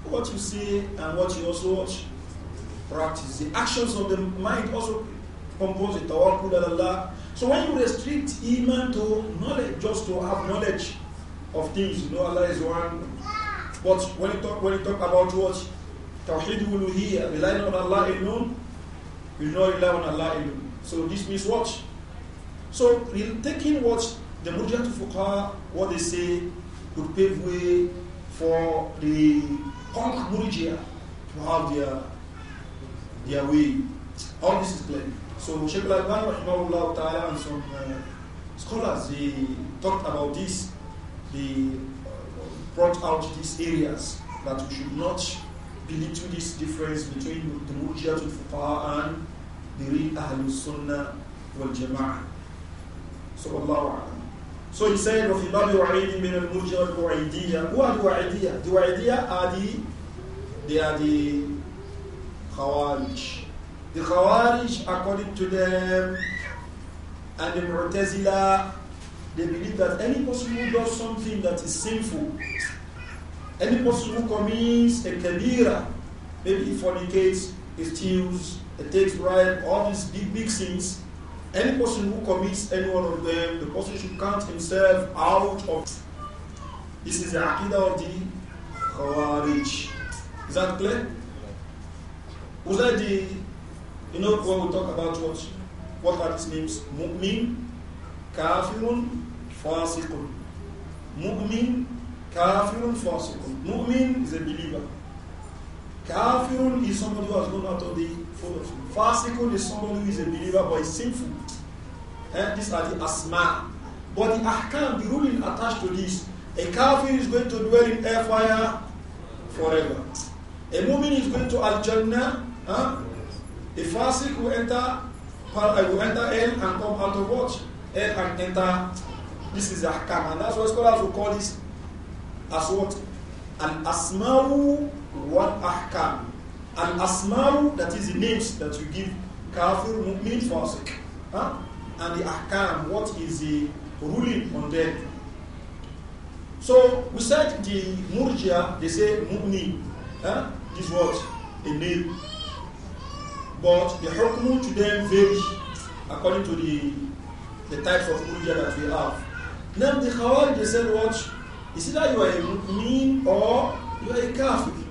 What you see and what you also watch, practice. The actions of the mind also compose it. Allah. So when you restrict Iman to knowledge, just to have knowledge of things, you know Allah is one. But when you talk, when you talk about what? Tawheed uluhiyya, relying on Allah alone, you know rely on Allah alone. So this means what? So taking what the Murjat Fuqaha, what they say, would pave way for the punk Murjia to have their, their way. All this is clear. So Sheikh Al-Albani, rahimahullah ta'ala, and some uh, scholars, they talked about this. They uh, brought out these areas that we should not to this difference between the Murjia to and the real Ahlul Sunnah wal Jama'ah. So Allah so he said, وَفِي بَابِ وَعِيدٍ مِنَ الْمُرْجِعَ الْوَعِيدِيَّ Who are the Wa'idiyya? The Wa'idiyya are the, they are the Khawarij. The Khawarij, according to them, and the Mu'tazila, they believe that any person who does something that is sinful, any person who commits a kabira, maybe he fornicates, he steals, he takes bribe, all these big, big sins, any person who commits any one of them, the person should count himself out of. This is the Aqidah of the Khawarij. Is that clear? Was that the, you know, when we talk about what, what are these names? Mu'min, Kafirun, fasikun, Mu'min, Kafirun, fasikun, Mu'min is a believer. Kafirun is somebody who has gone out of the fold of Islam. Fasikun is somebody who is a believer but is sinful. And eh, these are the asma. But the ahkam, the ruling attached to this, a kafir is going to dwell in air fire forever. A woman is going to Al Jannah. Huh? Eh? A fasik will enter, eh, will enter hell and come out of what? Hell and enter. This is ahkam. And that's why scholars will call this as what? An asma'u what ahkam. and asmaru that is the names that you give kafir, mu'min, fasik. Huh? And the ahkam, what is the ruling on them. So we said the murjia, they say mu'min. Huh? This what? A name. But the hukm to them varies according to the, the types of murjia that we have. Now the khawarij, they said what? Is it either you are a mu'min or you are a kafir.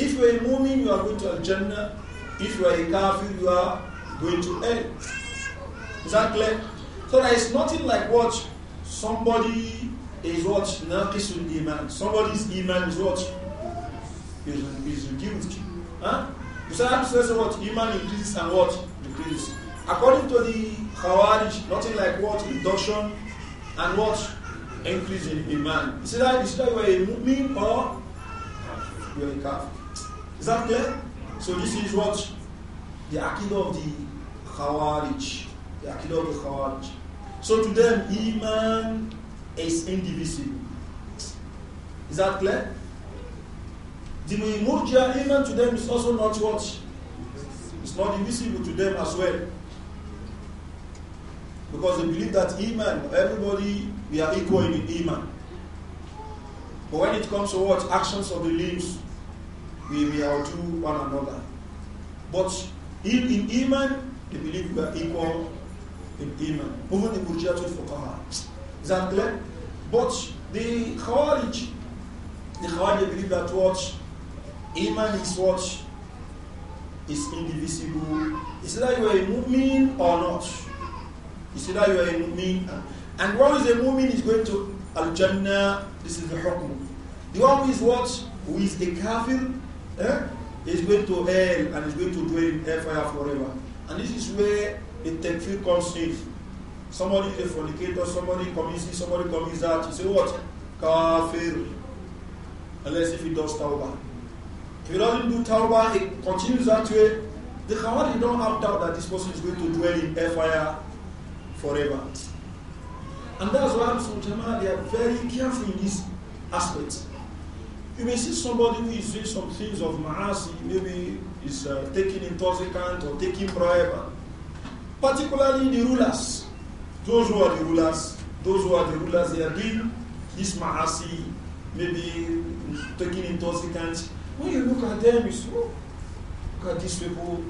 If you are a mu'min, you are going to Al-Jannah. If you are a kafir, you are going to hell. Is that clear? So there is nothing like what somebody is what naqisul iman. Somebody's iman is what is, is reduced. Huh? The Psalm says what iman increases and what decreases. According to the Khawarij, nothing like what reduction and what increase in iman. You see that you are a or you are a kafir? Is that clear? So this is what the Akidah of the Khawarij. The Akidah of the Khawarij. So to them, Iman is indivisible. Is that clear? The Murjia Iman to them is also not what? It's not indivisible to them as well. Because they believe that Iman, everybody, we are equal in Iman. But when it comes to what? Actions of the limbs, we may outdo one another. But in, in Iman, they believe we are equal in Iman. Even the Burjatul Fuqaha. Is that clear? But the Khawarij, the Khawarij believe that what? Iman is what? Is indivisible. It's that you are a mu'min or not. It's that you are a mu'min. And what is a mu'min is going to Al-Jannah. This is the hukm. The one who is what? Who is a kafir eh, going to hell and it's going to dwell in hellfire forever. And this is where the takfir comes in. Somebody is a fornicator, somebody commits this, somebody commits that. You say, what? Kafir. Unless if he does tawbah. If he doesn't do tawbah, it continues that way. The Khawari don't have doubt that this person is going to dwell in hellfire forever. And that's why Muslim they are very careful in this aspect. You may see somebody who is doing some things of ma'asi, maybe is uh, taking intoxicant or taking bribe, particularly the rulers. Those who are the rulers, those who are the rulers, they are doing this ma'asi, maybe taking intoxicant. When you look at them, you say, oh, look at these people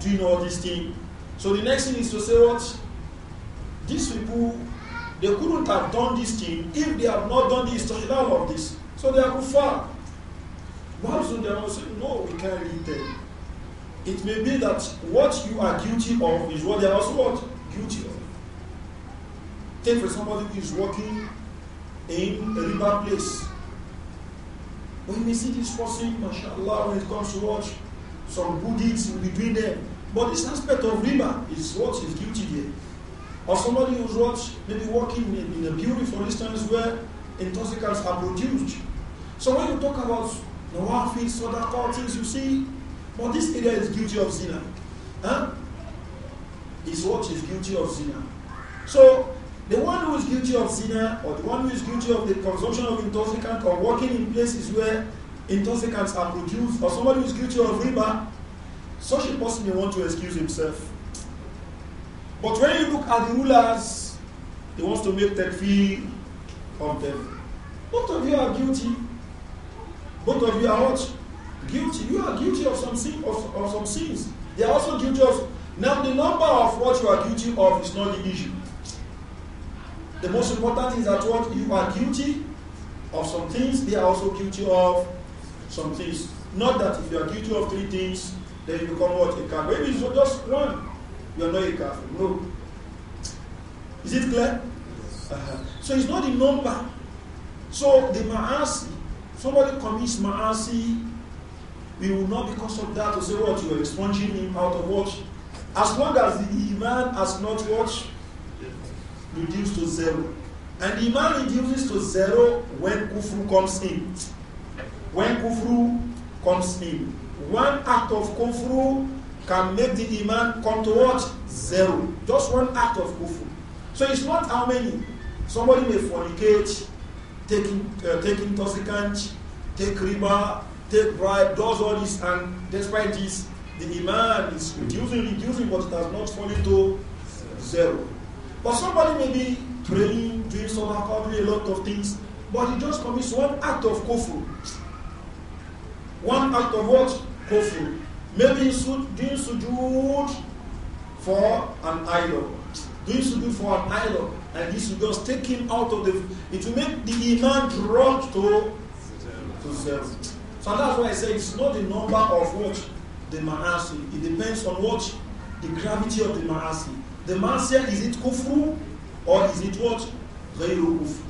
doing all these things. So the next thing is to say what? These people, they couldn't have done this thing if they have not done the all of this. So they are kuffar. Perhaps they will say, no, we can't read them. It may be that what you are guilty of is what they are also what? Guilty of. Take for somebody who is working in a river place. When we see this person, mashallah, when it comes to watch, some good deeds in between them. But this aspect of riba is what is guilty there. Or somebody who's what, maybe working in, in a building, for instance, where intoxicants are produced. So when you talk about nawafis, sadaqah, things you see, but this area is guilty of zina. Huh? Is what is guilty of zina. So the one who is guilty of zina or the one who is guilty of the consumption of intoxicant or working in places where intoxicants are produced or somebody who is guilty of riba, such a person may want to excuse himself. But when you look at the rulers, they want to make takfir of Both of you are guilty. Both of you are what? Guilty. You are guilty of some sin, of, of some sins. They are also guilty of. Now the number of what you are guilty of is not the issue. The most important is that what you are guilty of some things, they are also guilty of some things. Not that if you are guilty of three things, then you become what? A car. Maybe it's just one. You are not a car. No. Is it clear? Yes. Uh -huh. So it's not the number. So the ma'asi, somebody commits ma'asi, we will not because of that to say what you are expunging him out of what. As long as the iman has not what reduced to zero. And the iman reduces to zero when kufru comes in. When kufru comes in. One act of kufru can make the iman come to what? Zero. Just one act of kufru. So it's not how many. Somebody may fornicate, take, uh, take intoxicant, take riba, take bribe, does all this, and despite this, the iman is reducing, reducing, but it has not fallen to zero. But somebody may be praying, doing some, doing a lot of things, but he just commits one act of kofu. One act of what? Kufr. Maybe he's doing sujood for an idol. Doing sujood for an idol. And this will just take him out of the. It will make the iman drop to, to zero. So that's why I say it's not the number of what the ma'asi. It depends on what the gravity of the ma'asi. The ma'asi is it kufru or is it what ghayru kufru?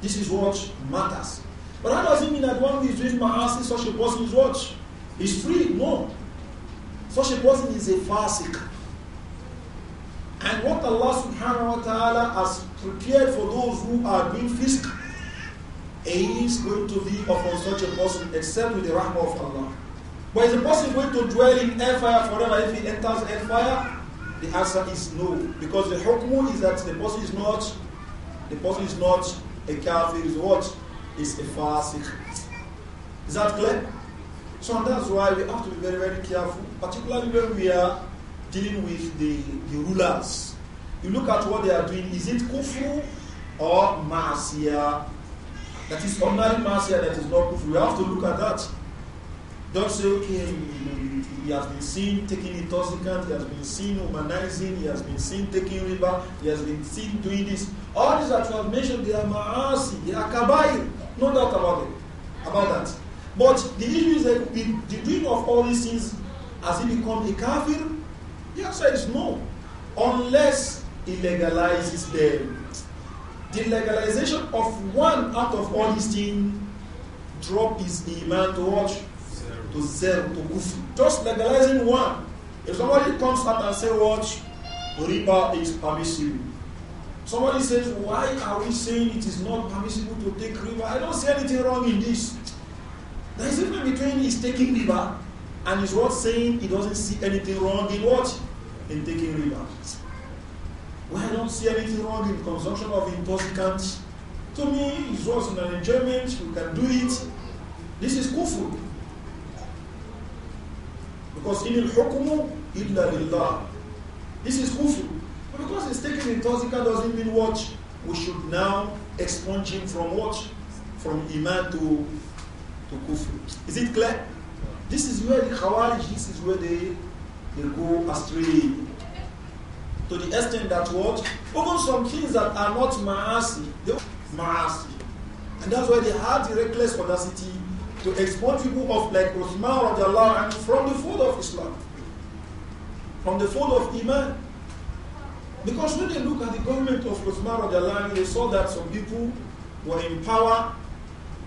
This is what matters. But that doesn't mean that one who is doing ma'asi, such a person is what is free. No, such a person is a fasik. And what Allah subhanahu wa ta'ala has prepared for those who are doing fisk is going to be upon such a person except with the rahmah of Allah. But is the person going to dwell in hellfire forever if he enters hellfire? The answer is no. Because the hukm is that the person is not the person is not a kafir, is what? Is a fasik. Is that clear? So that's why we have to be very, very careful, particularly when we are dealing with the, the rulers, you look at what they are doing, is it kufu or masia? That is ordinary masia that is not kufu? We have to look at that. Don't say, okay, he has been seen taking intoxicant, he has been seen humanizing, he has been seen taking riba, he has been seen doing this. All these that you have mentioned, they are ma'asi, they are kabai, No doubt about it, about that. But the issue is that the doing of all these things has he become a kafir the answer is no. Unless he legalizes them. The legalization of one out of all these things drop his iman to watch Zero. To zero, to kufr. Just legalizing one. If somebody comes out and says "Watch, Riba is permissible. Somebody says, why are we saying it is not permissible to take riba? I don't see anything wrong in this. There is a difference between is taking riba and he's not saying he doesn't see anything wrong in what? In taking riba. Well, I don't see anything wrong in consumption of intoxicants. To me, it's just an enjoyment, you can do it. This is kufr. Because in al-hukmu illa lillah. This is kufr. But because he's taking intoxicant doesn't mean what? We should now expunge him from what? From iman to, to kufr. Is it clear? This is where the Khawarij, this is where they, they go astray. To the extent that what? Even some things that are not ma'asi, they ma'asi. And that's why they had the reckless audacity to export people of like Uthman radiallahu from the fold of Islam, from the fold of Iman. Because when they look at the government of Uthman radiallahu they saw that some people were in power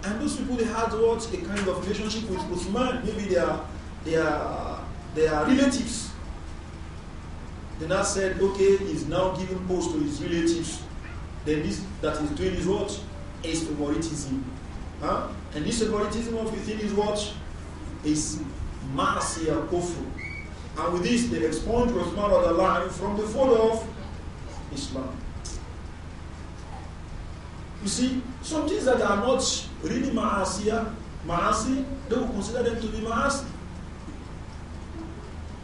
and those people, they had what? A kind of relationship with Uthman. Maybe they are, they are, they are relatives. Then I said, okay, he's now giving post to his relatives. Then this that he's doing is what? Is favoritism. Huh? And this favoritism of the thing is what? Is Masiya Kufru. And with this, they expunge Uthman from the fold of Islam. You see, some things that are not really ma'asiya, ah, ma'asi, they will consider them to be ma'asi.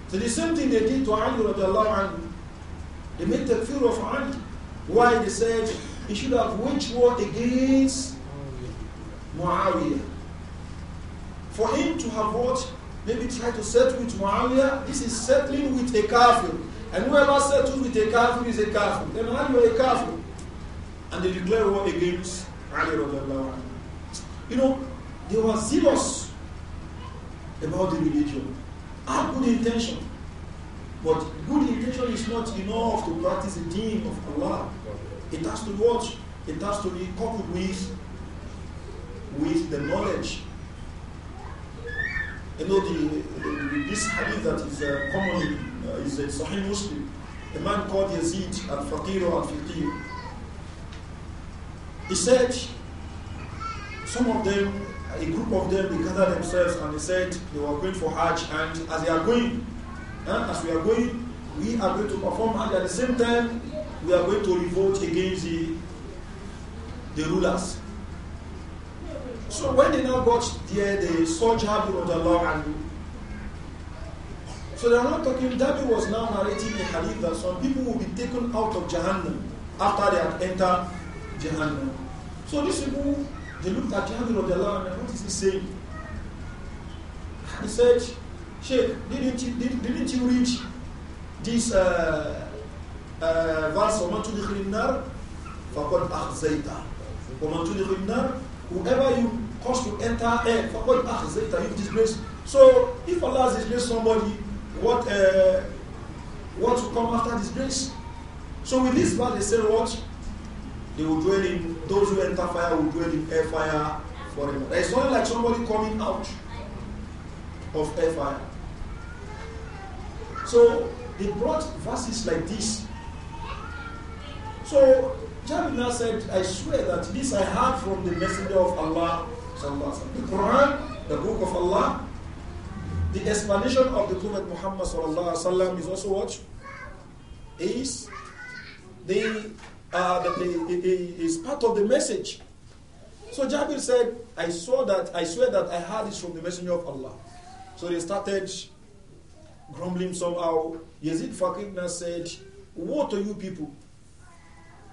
So the same thing they did to Ali radiallahu anhu. They made the fear of Ali. Why? They said he should have waged war against Muawiyah. For him to have what? Maybe try to settle with Muawiyah. This is settling with a kafir. And whoever settles with a kafir is a kafir. Then Ali was a kafir and they declared war against Ali You know, they were zealous about the religion, had good intention, but good intention is not enough to practice the deen of Allah. It has to watch, it has to be coupled with, with the knowledge. You know, the, the this hadith that is uh, commonly uh, is a Sahih Muslim. A man called Yazid al-Faqir al-Fiqir. He said, some of them, a group of them, they gathered themselves and they said they were going for Hajj. And as they are going, eh, as we are going, we are going to perform Hajj. At the same time, we are going to revolt against the, the rulers. So when they now got there, they saw Jabir of the law and so they are not talking, Jabir was now narrating a hadith that some people will be taken out of Jahannam after they had entered so these people, they looked at Jabir of the Lord and what is he saying? He said, Sheikh, didn't you, did, didn't you read this uh, uh, the وَمَنْ تُدِخِلِ النَّارِ فَقَدْ أَخْزَيْتَ Whoever you cause to enter air, فَقَدْ أَخْزَيْتَ You disgrace. So, if Allah has disgraced somebody, what, uh, what will come after disgrace? So with this verse, they say what? they will dwell in, those who enter fire will dwell in air fire forever. It's not like somebody coming out of air fire. So they brought verses like this. So Jabir said, I swear that this I heard from the messenger of Allah. The Quran, the book of Allah, the explanation of the Prophet Muhammad is also what? Is the uh, that is part of the message. So Jabir said, I saw that, I swear that I heard this from the messenger of Allah. So they started grumbling somehow. Yazid Fakirna said, "What are you people.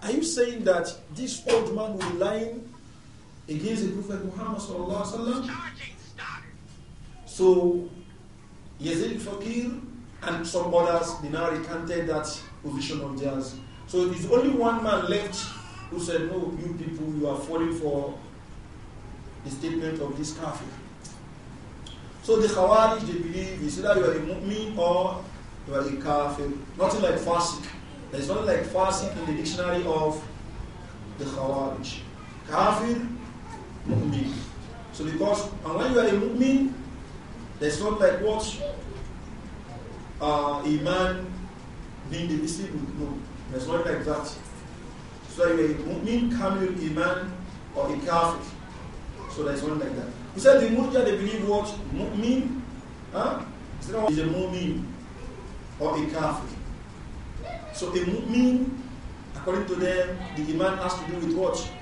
Are you saying that this old man will be lying against the Prophet Muhammad? So Yazid Fakir and some others they now recanted that position of theirs. So there's only one man left who said, No, oh, you people, you are falling for the statement of this kafir. So the Khawarij, they believe is either you are a mu'min or you are a kafir. Nothing like fasik. There's nothing like fasik in the dictionary of the Khawarij. Kafir, mu'min. So because, and when you are a mu'min, there's not like what uh, Iman being divisible. No it's not like that. So you're a mu'min, kamil, iman, or a kafir. So there's one like that. He said the murja, they believe what? Mu'min, huh? Is a mu'min or a kafir. So a mu'min, according to them, the iman has to do with what?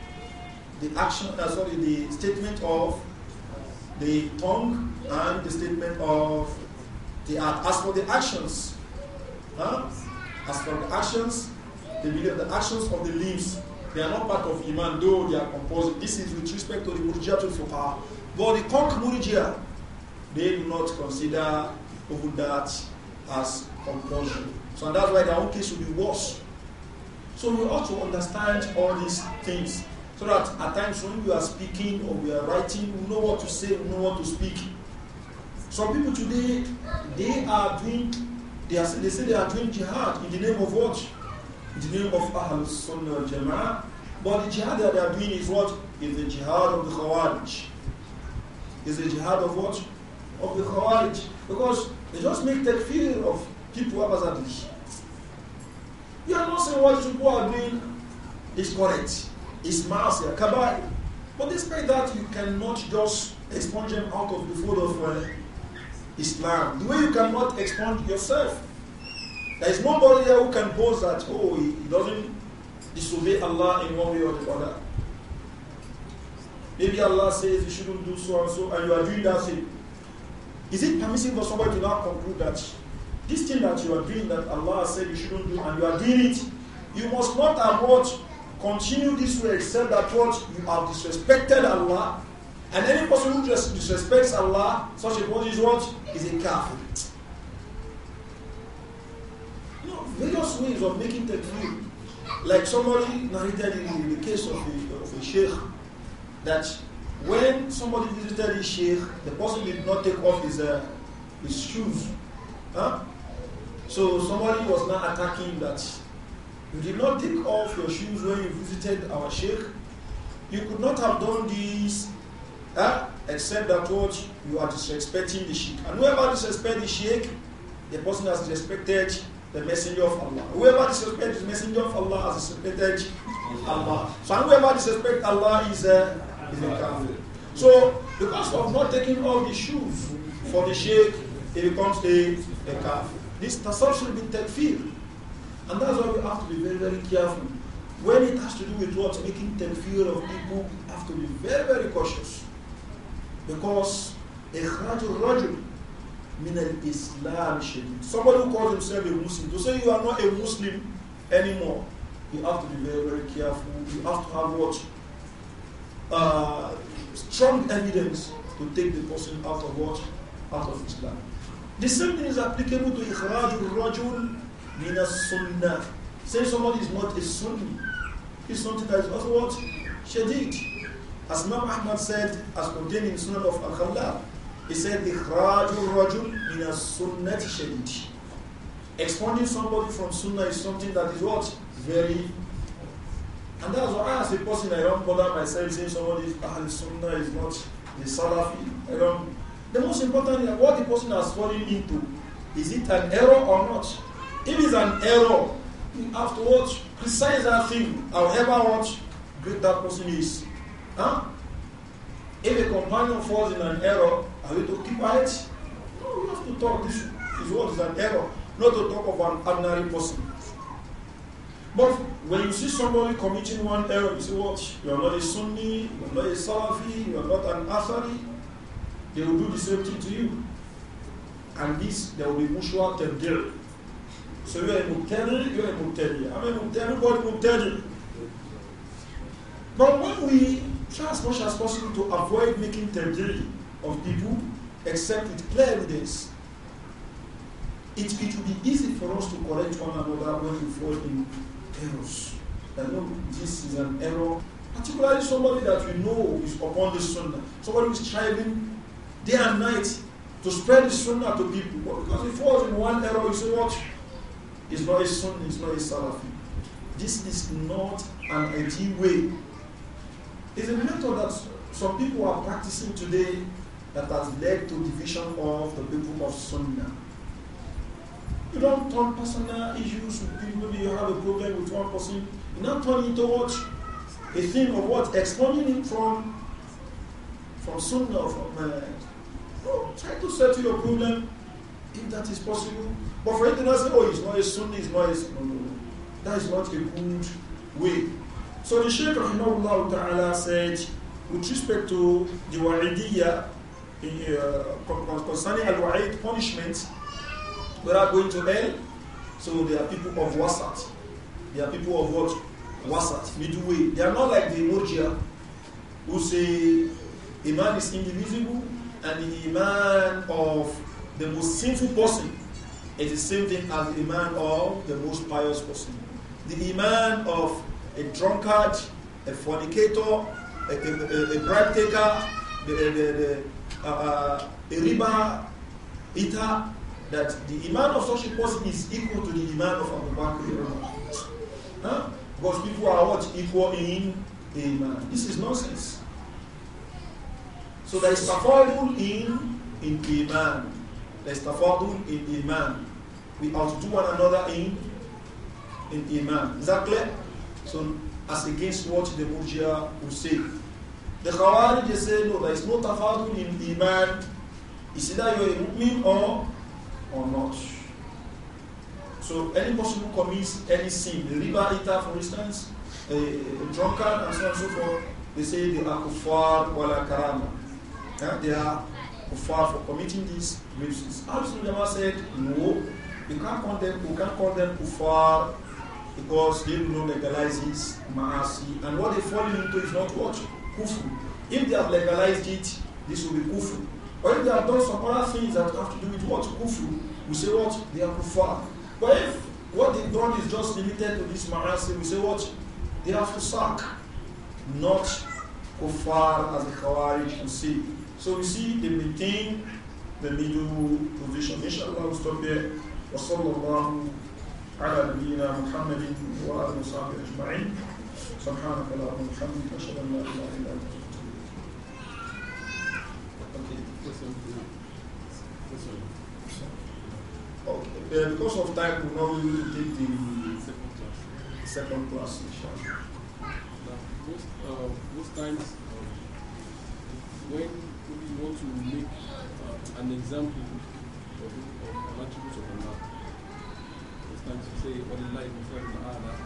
The action, uh, sorry, the statement of the tongue and the statement of the act. As for the actions, huh? as for the actions, the, the actions of the limbs, they are not part of Iman, though they are composed. This is with respect to the so far, But the Konk Murjia, they do not consider that as compulsion. So that's why their own case will be worse. So we ought to understand all these things so that at times when we are speaking or we are writing, we know what to say, we know what to speak. Some people today, they are doing, they, are, they say they are doing jihad in the name of what? the name of Ahl Sunnah al Jama'ah. But the jihad that they are doing is what? Is the jihad of the Khawarij. Is the jihad of what? Of the Khawarij. Because they just make takfir of people haphazardly. You are not saying what people are doing is correct. It's masya, kabai. But despite that, you cannot just expunge them out of the fold of uh, Islam. The way you cannot expunge yourself there is nobody here who can boast that, oh, he, doesn't disobey Allah in one way or the other. Maybe Allah says you shouldn't do so and so, and you are doing that thing. Is it permissible for somebody to now conclude that this thing that you are doing that Allah said you shouldn't do, and you are doing it, you must not and what continue this way except that what you have disrespected Allah, and any person who just disrespects Allah, such a person is what is a kafir. various ways of making takfir. Like somebody narrated in the case of a, of a sheikh that when somebody visited his sheikh, the person did not take off his, uh, his shoes. Huh? So somebody was now attacking that you did not take off your shoes when you visited our sheikh. You could not have done this huh? except that what you are disrespecting the sheikh. And whoever disrespects the sheikh, the person has respected the messenger of Allah. Whoever disrespects the messenger of Allah has disrespected Allah. So whoever disrespects Allah is a, is a kafir. So because of not taking off the shoes for the sheikh, he becomes a, a kafir. This tasawwuf should be takfir. And that's why we have to be very, very careful. When it has to do with what making takfir of people, we have to be very, very cautious. Because إخراج الرجل minal Islam shadid. Somebody who calls himself a Muslim, to say you are not a Muslim anymore, you have to be very, very careful. You have to have what? Uh, strong evidence to take the person out of what? Out of Islam. The same thing is applicable to ikhrajul rajul min sunnah. Say somebody is not a Sunni. It's something that is also what? Shadid. As Imam Ahmad said, as contained in Sunnah of Al-Khallah, he said, إِخْرَاجُ الرَّجُلِ مِنَ السُنَّةِ شَدِيدِ Expunging somebody from sunnah is something that is what? Very. And that's why as a person I don't bother myself saying somebody is Ahl Sunnah is not the Salafi. I don't. The most important is what the person has fallen into. Is it an error or not? If it's an error, afterwards, have that thing, however much great that person is. Huh? If a companion falls in an error, are we to keep quiet? No, we have to talk. This is what is an error, not to talk of an ordinary person. But when you see somebody committing one error, you say, What? You are not a Sunni, you are not a Salafi, you are not an Asari. They will do the same thing to you. And this, there will be mutual tabdil. So you are a Muqtadi, you are a Muqtadi. I'm a Muqtadi, but Muqtadi. But when we Try as much as possible to avoid making tabdiri of people except with clear evidence. It, it will be easy for us to correct one another when we fall in errors. That no, this is an error. Particularly somebody that we know is upon the sunnah, somebody who is striving day and night to spread the sunnah to people. But because he falls in one error, you say, What? It's not a sunnah, it's not a salafi. This is not an ideal way is a method that some people are practicing today that has led to division of the people of Sunnah. You don't turn personal issues with people, maybe you have a problem with one person, you not turn it towards a thing of what? Explaining it from, from Sunnah or from. Uh, no, try to settle your problem if that is possible. But for it to not say, oh, it's not a Sunnah, it's not a. No, no, no. That is not a good way so the Shaykh Rahimahullah Ta'ala said, with respect to the wa'idiyya, uh, concerning al-wa'id punishment, without going to hell, so they are people of wasat. They are people of what? Wasat, Midway, They are not like the murjia who say a man is indivisible and the man of the most sinful person is the same thing as the man of the most pious person. The iman of a drunkard, a fornicator, a, a, a bribe taker, uh, uh, a riba eater, that the iman of such a person is equal to the iman of Abu Bakr. Huh? Because people are what? Equal in iman. This is nonsense. So there is tafadul in, in iman. There is tafadul in iman. We outdo one another in, in iman. Is that clear? So as against what the Murjia will say. The Khawarij, they say, no, there is no tafadul in Iman. It's either you're a mu'min or, or not. So any person who commits any sin, the riba for instance, a, a drunkard, and so on and so forth, they say they are kuffar wala karama. Yeah, they are kufar for committing these grave Absolutely, Absolutely, said, no, you can't call them, you can't call them kufar because they will not legalize this ma'asi. And what they fall into is not what? kufu. If they have legalized it, this will be kufu. Or if they have done some other things that have to do with what? kufu, we say what? They are kufar. But if what they've done is just limited to this ma'asi, we say what? They have to sack, not kufar as the Khawarij would see. So we see they maintain the middle position. Inshallah, we'll stop there. وصلى الله على نبينا محمد وآله وصحبه أجمعين سبحانك اللهم وبحمدك أشهد أن لا إله إلا أنت Okay. Uh, because of time, we will not be able take the second class, inshallah. Most, uh, most times, uh, when we want to make uh, an example of, the attributes of Allah, sometimes you say, وَلِلَّهِ الْمَثَلُ الْأَعْلَى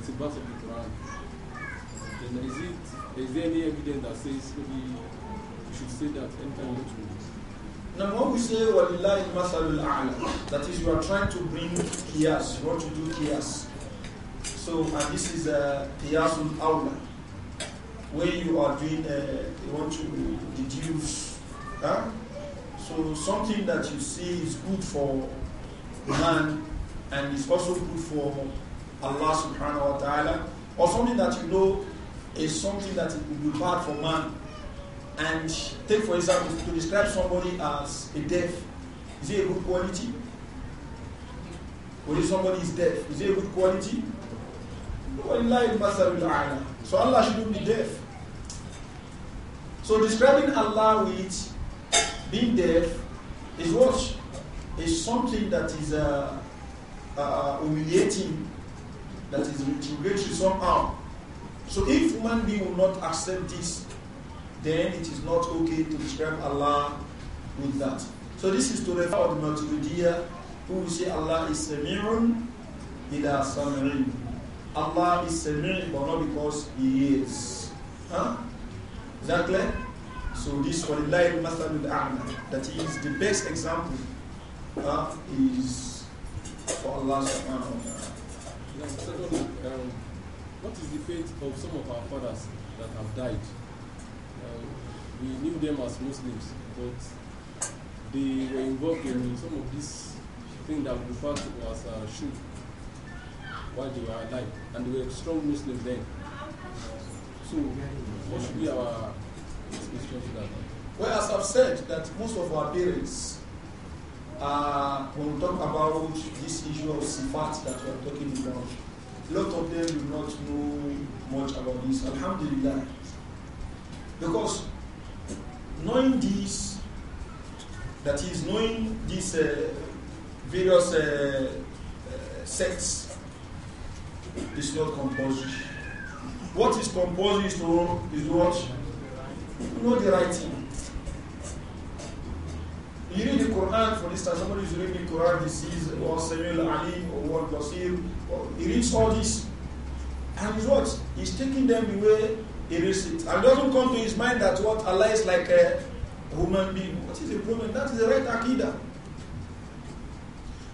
It's a verse of the Quran. Then is, it, is there any evidence that says should say that anytime you now, when we say walillahi masalul a'la, that is, you are trying to bring qiyas, you want to do qiyas. So, and this is a uh, qiyasul awla, where you are doing, uh, you want to deduce. Huh? So, something that you see is good for man and it's also good for Allah subhanahu wa ta'ala, or something that you know is something that it will be bad for man. And take, for example, to describe somebody as a deaf, is it a good quality? When somebody is deaf, is it a good quality? So Allah shouldn't be deaf. So describing Allah with being deaf is what? Is something that is. Uh, uh, humiliating, that is retrogratory somehow. So if human being will not accept this, then it is not okay to describe Allah with that. So this is to refer to the Maturidiyya who will say Allah is Samirun ila Samirin. Allah is Samir but not because He is. Huh? Is that clear? So this Walillahi al-Mathalul A'la, that is the best example, uh, is for Allah subhanahu wa ta'ala. um, what is the fate of some of our fathers that have died? we knew them as Muslims, but they were involved in some of this thing that we refer to as uh, shirk while they were alive, and they were strong Muslims then. So, what should be our response to that? Well, as I've said, that most of our parents uh, when we talk about this issue of sifat that we are talking about, a lot of them do not know much about this. Alhamdulillah. Because knowing this, that is, knowing these uh, various uh, uh, sects, is not compulsory. What is compulsory is to know, Know the right thing. You read the Quran, for instance, somebody is reading the Quran, he sees or Samuel Ali or what Basir, he reads all this. And he's what? He's taking them the way he reads it. And doesn't come to his mind that what Allah is like a human being. What is a problem? That is the right idea.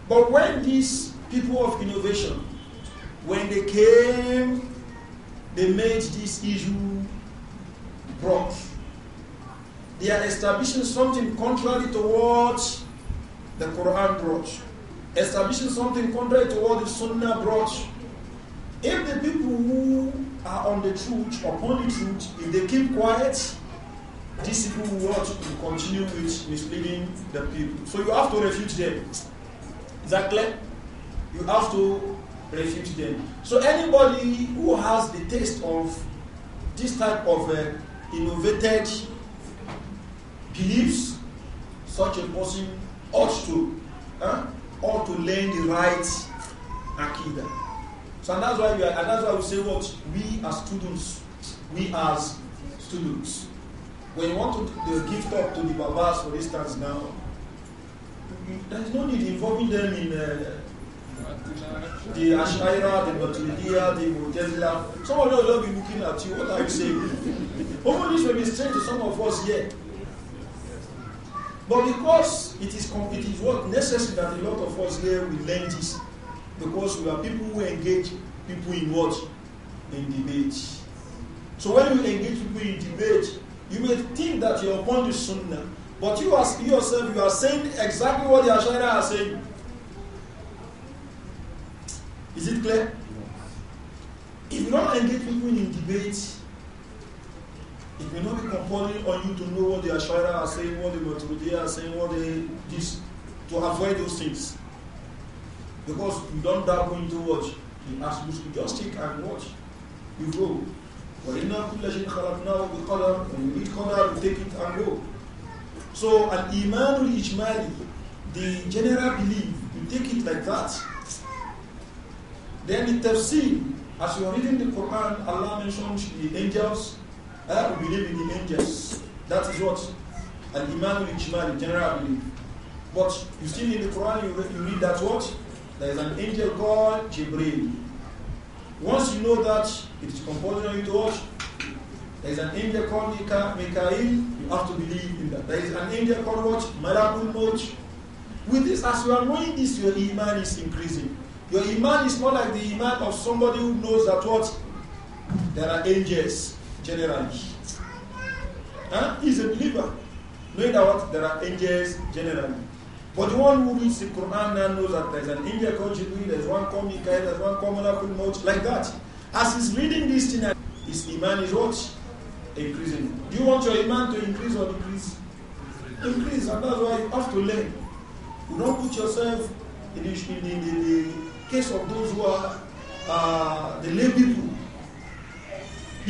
But when these people of innovation, when they came, they made this issue broad they are establishing something contrary to what the Quran brought, establishing something contrary to what the Sunnah brought. If the people who are on the truth, upon the truth, if they keep quiet, these people will to continue with misleading the people. So you have to refute them. Is that clear? You have to refute them. So anybody who has the taste of this type of uh, innovated believes such a person ought to huh, ought to learn the right akida. So and that's why we are, and that's why we say what we as students, we as students. When you want to give talk to the Babas, for instance, now, there is no need involving them in uh, the Ashaira, the Maturidiyah, the Mutezila. Some of you will be looking at you. What are you saying? Hopefully, this will be strange to some of us here. But because it is, it is what necessary that a lot of us here will learn this, because we are people who engage people in what? In debate. So when you engage people in debate, you may think that you're upon the sunnah, but you ask yourself, you are saying exactly what the Ashara are saying. Is it clear? If you don't engage people in debate, it may not be compulsory on you to know what the Ashara are saying, what the Maturidiyah are saying, what they this, to avoid those things. Because you don't dabble into watch The absolute you just take and watch. You go. وَإِنَّا كُلَّ شَيْءٍ خَلَقْنَاهُ بِقَدَرٍ When we need qadar, we take it and go. So an iman ijmali, the general belief, you take it like that. Then the tafsir, as you are reading the Quran, Allah mentioned the angels, have to believe in the angels. That is what an Imam in general believe. But you see in the Quran, you read, you read that what? There is an angel called Jibril. Once you know that, it is compulsory on you to watch. There is an angel called Mika, Mikael. You have to believe in that. There is an angel called what? Malakul Moj. With this, as you are knowing this, your iman is increasing. Your iman is more like the iman of somebody who knows that what? There are angels generally. Huh? He's a believer. Knowing that what? There are angels generally. But the one who reads the Quran now knows that there's an angel called Jibreel, there's one called Mikael, there's one called Malakul Maut, like that. As he's reading this thing, his iman is what? Increasing. Do you want your iman to increase or decrease? Increase, and that's why you have to learn. You don't put yourself in the, in the, in the case of those who are uh, the lay people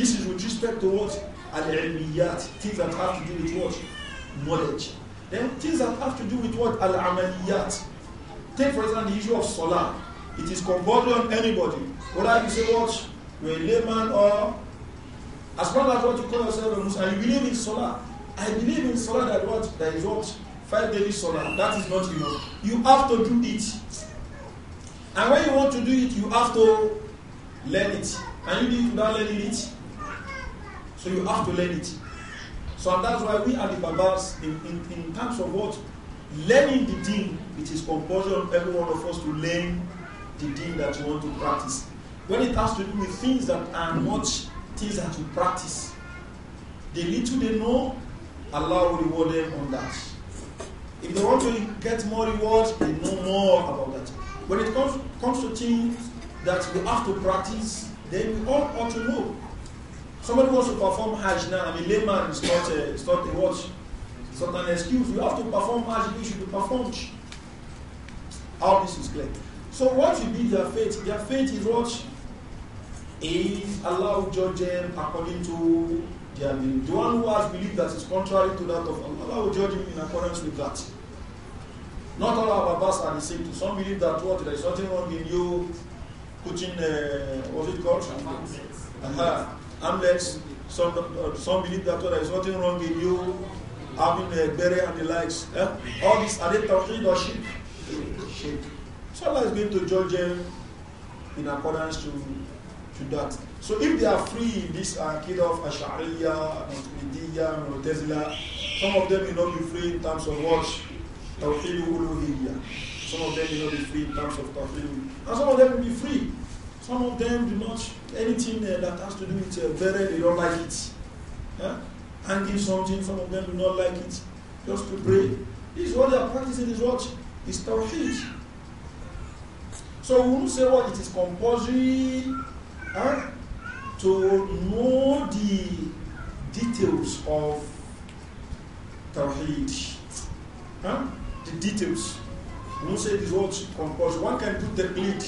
this is with respect to what? Al-ilmiyat, things that have to do with what? Knowledge. Then things that have to do with what? Al-amaliyat. Take for example the issue of solar. It is compulsory on anybody. Whether you say what? You're a layman or as long as what you call yourself a Muslim, you believe in solar. I believe in solar that what? There is what? Five daily solar. That is not enough. You have to do it. And when you want to do it, you have to learn it. And you need to learn it so you have to learn it. So that's why we are the Babas, in, in, in terms of what? Learning the deen, it is compulsory on every one of us to learn the deen that you want to practice. When it has to do with things that are not things that you practice, the little they know, Allah will reward them on that. If they want to get more rewards, they know more about that. When it comes, comes to things that we have to practice, then we all ought to know. Somebody wants to perform Hajj now. I mean, layman is not a, uh, it's not a watch. It's not an excuse. You have to perform Hajj. You should be performed. All this is clear. So what will be their fate? Their fate is what? Is Allah will judge them according to their belief. The one who has belief that is contrary to that of Allah, Allah will judge him in accordance with that. Not all our Babas are the same. To some believe that what there is nothing wrong in you putting, uh, what's it called? Uh-huh. Unless Some, uh, some believe that there is nothing wrong in you having a beret and the likes. Eh? All this are they tawhid or shirk? Shirk. So Allah is going to judge them in accordance to, to that. So if they are free in this akid of Ash'ariya, Maturidiyya, Mutazila, some of them will not be free in terms of what? Tawhid uluhiyya. Some of them will not be free in terms of Tawhid And some of them will be free some of them do not, anything uh, that has to do with uh, burial, they don't like it. And give something, some of them do not like it. Just to pray. This is what they are practicing, is what? It's tawheed. So we will say what well, it is compulsory huh? to know the details of tawheed. Huh? The details. We will say is what compulsory. One can put the lead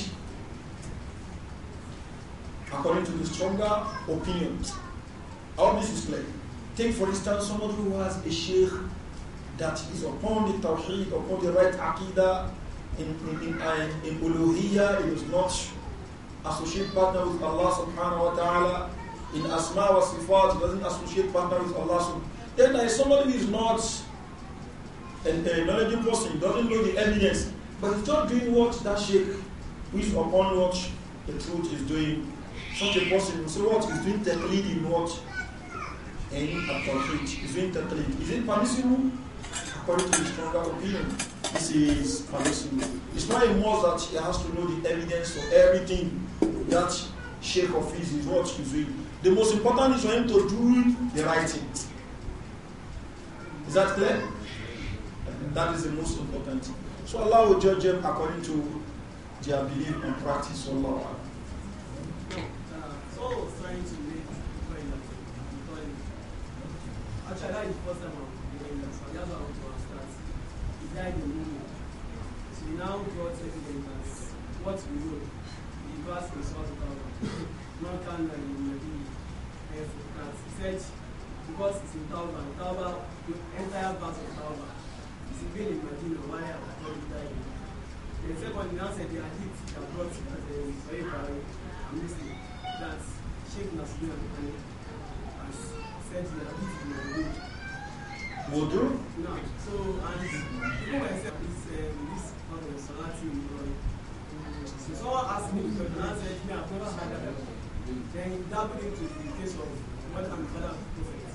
according to the stronger opinions. All this is played? Take, for instance, somebody who has a sheikh that is upon the tawheed, upon the right aqidah, in, in, in, uh, in uluhiyya, it is not associate partner with Allah subhanahu wa ta'ala, in asma wa sifat, doesn't associate partner with Allah subhanahu Then there is somebody who is not an, a knowledgeable person, doesn't know the evidence, but he's not doing what that sheikh who is upon what the truth is doing such a person will say, what? doing in what? In al to He's doing taqlid. Is it permissible? According to the stronger opinion, this is permissible. It's not a must that he has to know the evidence for everything that shape of his is what he's doing. The most important is for him to do the right thing. Is that clear? that is the most important. So Allah will judge them according to their belief and practice. Allah. Actually, that is the first time I was defenders, so that's why I want to ask that. He died in Rome. So he now brought evidence what we know, the verse in Surah Tawbah, not can be in the that he said, because it's in Tawbah, Tawbah, the entire verse of Tawbah, is even in Medina, why I was told he died in The second, he now said the hadith that brought it as a very, very, very, that Sheikh Nasir and said that this is will do? No. So, and people I said this, um, this other solar team, so someone asked me because the said, yeah, I've never heard that before. Then he dabbled into the case of what I'm father of prophet.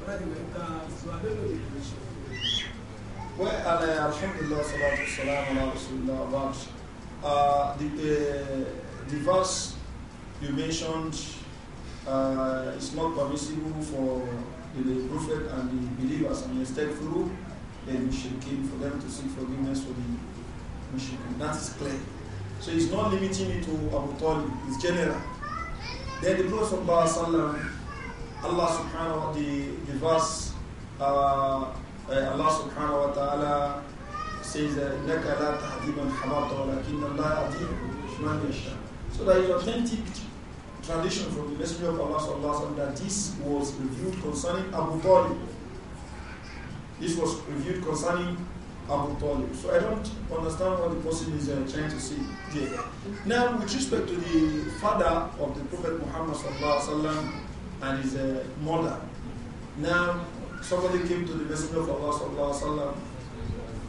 But I went, uh, so I don't know the relation. Well, uh, Alhamdulillah, salatu salam ala Rasulullah, uh, the, uh, the verse you mentioned uh, it's not permissible for the Prophet and the believers and through the mushrikeen for them to seek forgiveness for the mushrikeen. That is clear. So it's not limiting it to Abu Talib, it's general. Then the Prophet Allah subhanahu wa the, the verse uh, Allah subhanahu wa ta'ala says إنك لا تهدي من ولكن الله So that is authentic tradition from the Messenger of Allah sallallahu that this was reviewed concerning Abu Talib. This was reviewed concerning Abu Talib. So I don't understand what the person is uh, trying to say there. Now, with respect to the father of the Prophet Muhammad sallallahu and his uh, mother, now somebody came to the Messenger of Allah sallallahu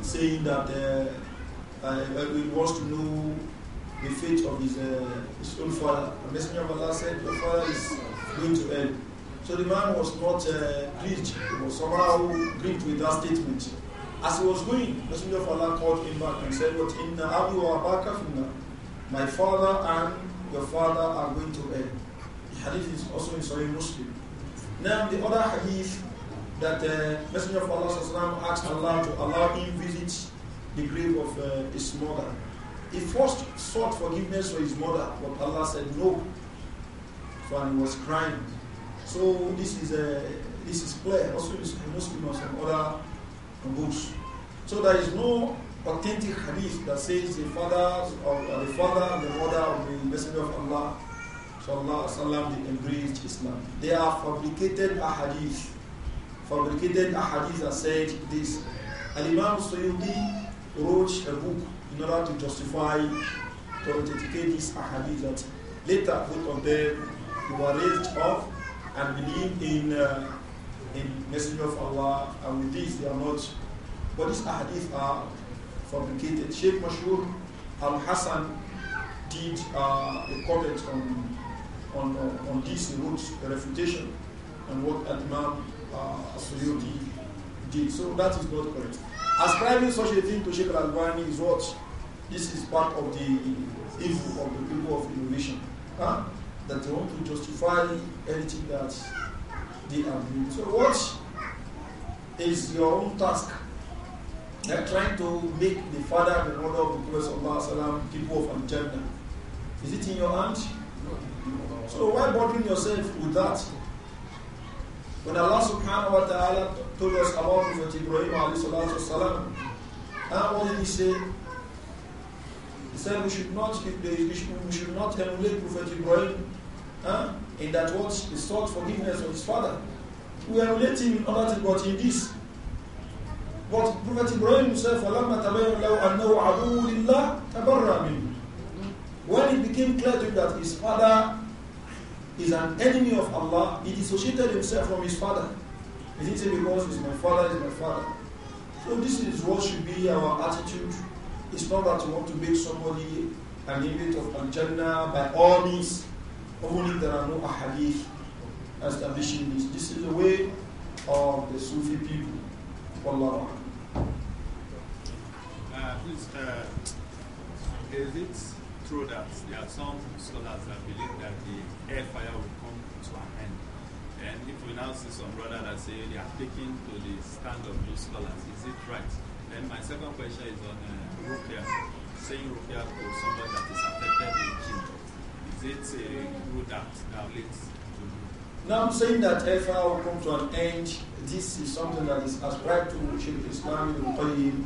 saying that uh, uh, he wants to know the fate of his, uh, his own father. The Messenger of Allah said, Your father is going to hell. So the man was not uh, pleased, he was somehow grieved with that statement. As he was going, the Messenger of Allah called him back and said, What in Abu Abaka Finna? My father and your father are going to hell. The hadith is also in Sahih Muslim. Now, the other hadith that the uh, Messenger of Allah asked Allah to allow him visit the grave of uh, his mother. He first sought forgiveness for his mother, but Allah said no. So and he was crying. So this is a uh, this is clear. Also, this is Muslim or some other books. So there is no authentic hadith that says the father or uh, the father and the mother of the Messenger of Allah sallallahu alaihi wasallam they embraced Islam. They are fabricated a hadith. Fabricated a hadith that said this. Al Imam Suyuti wrote a book in order to justify, to authenticate these ahadith that later both of them were raised up and believed in, uh, in of Allah, and with this they are not. But these ahadith are fabricated. Sheikh Mashur Al Hassan did uh, a comment on, on, on, uh, on this, wrote a refutation on what Ahmad uh, did. So that is not correct. Ascribing such a thing to Sheikh Al Albani is what this is part of the evil of the people of innovation. Huh? That they want to justify anything that they are doing. So what is your own task? They're trying to make the father and mother of the Prophet Sallallahu people of Al-Jannah. Is it in your hand? So why bothering yourself with that? When Allah subhanahu wa ta'ala told us about Prophet Ibrahim alayhi salatu wasalam, what did he say? He said we should not we should not emulate Prophet Ibrahim huh? in that what he sought forgiveness of his father. We emulate him in other things, but in this. But Prophet Ibrahim himself, فَلَمَّا تَبَيَّنَ When it became clear to him that his father is an enemy of Allah, he dissociated himself from his father. He didn't say because he's my father, he's my father. So this is what should be our attitude it's not that you want to make somebody an inmate of Al Jannah by all means, only there are no ahadith establishing this. This is the way of the Sufi people. Allah. uh, please, uh, is it true that there are some scholars that believe that the fire will come to an end? And if we now see some brother that say they are taking to the stand of those scholars, is it right? Then my second question is on uh, rukia, saying rukia to someone that is affected with jinn, is it a leads to? Now I'm saying that if I will come to an end, this is something that is ascribed to Sheikh Islam ibn Qayyim,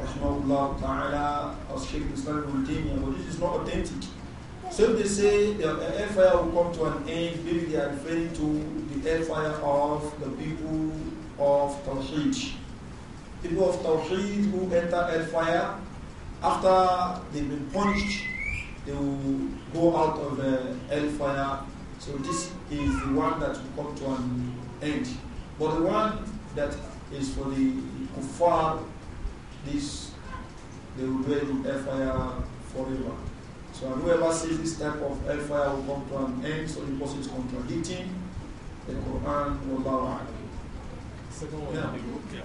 Rahmahullah Ta'ala, or Sheikh Islam ibn Taymiyyah, but this is not authentic. So if they say the hellfire will come to an end, maybe they are referring to the hellfire of the people of Tawheed people of Tawheed who enter hellfire, after they've been punished, they will go out of uh, hellfire. So this is the one that will come to an end. But the one that is for the kuffar, this they will dwell in hellfire forever. So whoever sees this type of hellfire will come to an end, so the person is contradicting the Quran. Wallahu Second one, yeah. yeah.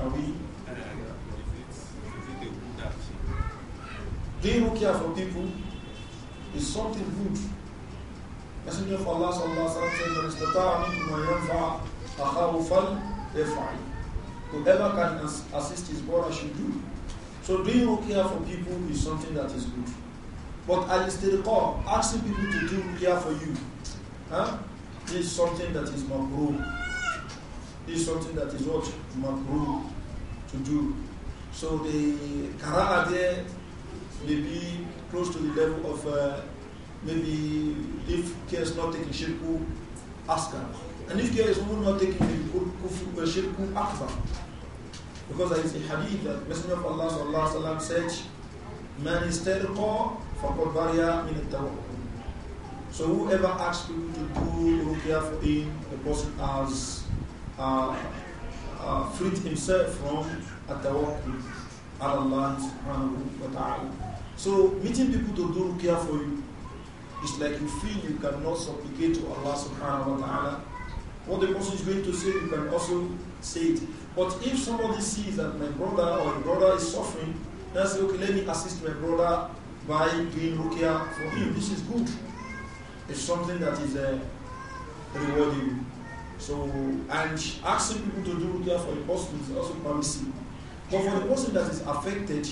Are we? Doing for people is something good. Messenger of Allah sallallahu alaihi wasallam said, Whoever can assist his brother should do. So doing rukia for people is something that is good. But al asking people to do care for you, huh, is something that is not good. This is something that is what makruh to do. So the karaha there may be close to the level of uh, maybe if care is not taking shirku askar. And if care is not taking shirku akbar. Because there is a hadith that Messenger of Allah sallallahu said, Man is terqa faqad bariya min So whoever asks people to do ruqya for him, the person has uh, uh, freed himself from at-tawakkul Allah subhanahu wa ta'ala. So meeting people to do ruqya for you, it's like you feel you cannot supplicate to Allah subhanahu wa ta'ala. What the person is going to say, you can also say it. But if somebody sees that my brother or my brother is suffering, then say, okay, let me assist my brother by doing ruqya for him. This is good. It's something that is uh, rewarding. So, and asking people to do care for the person is also promising. But for the person that is affected,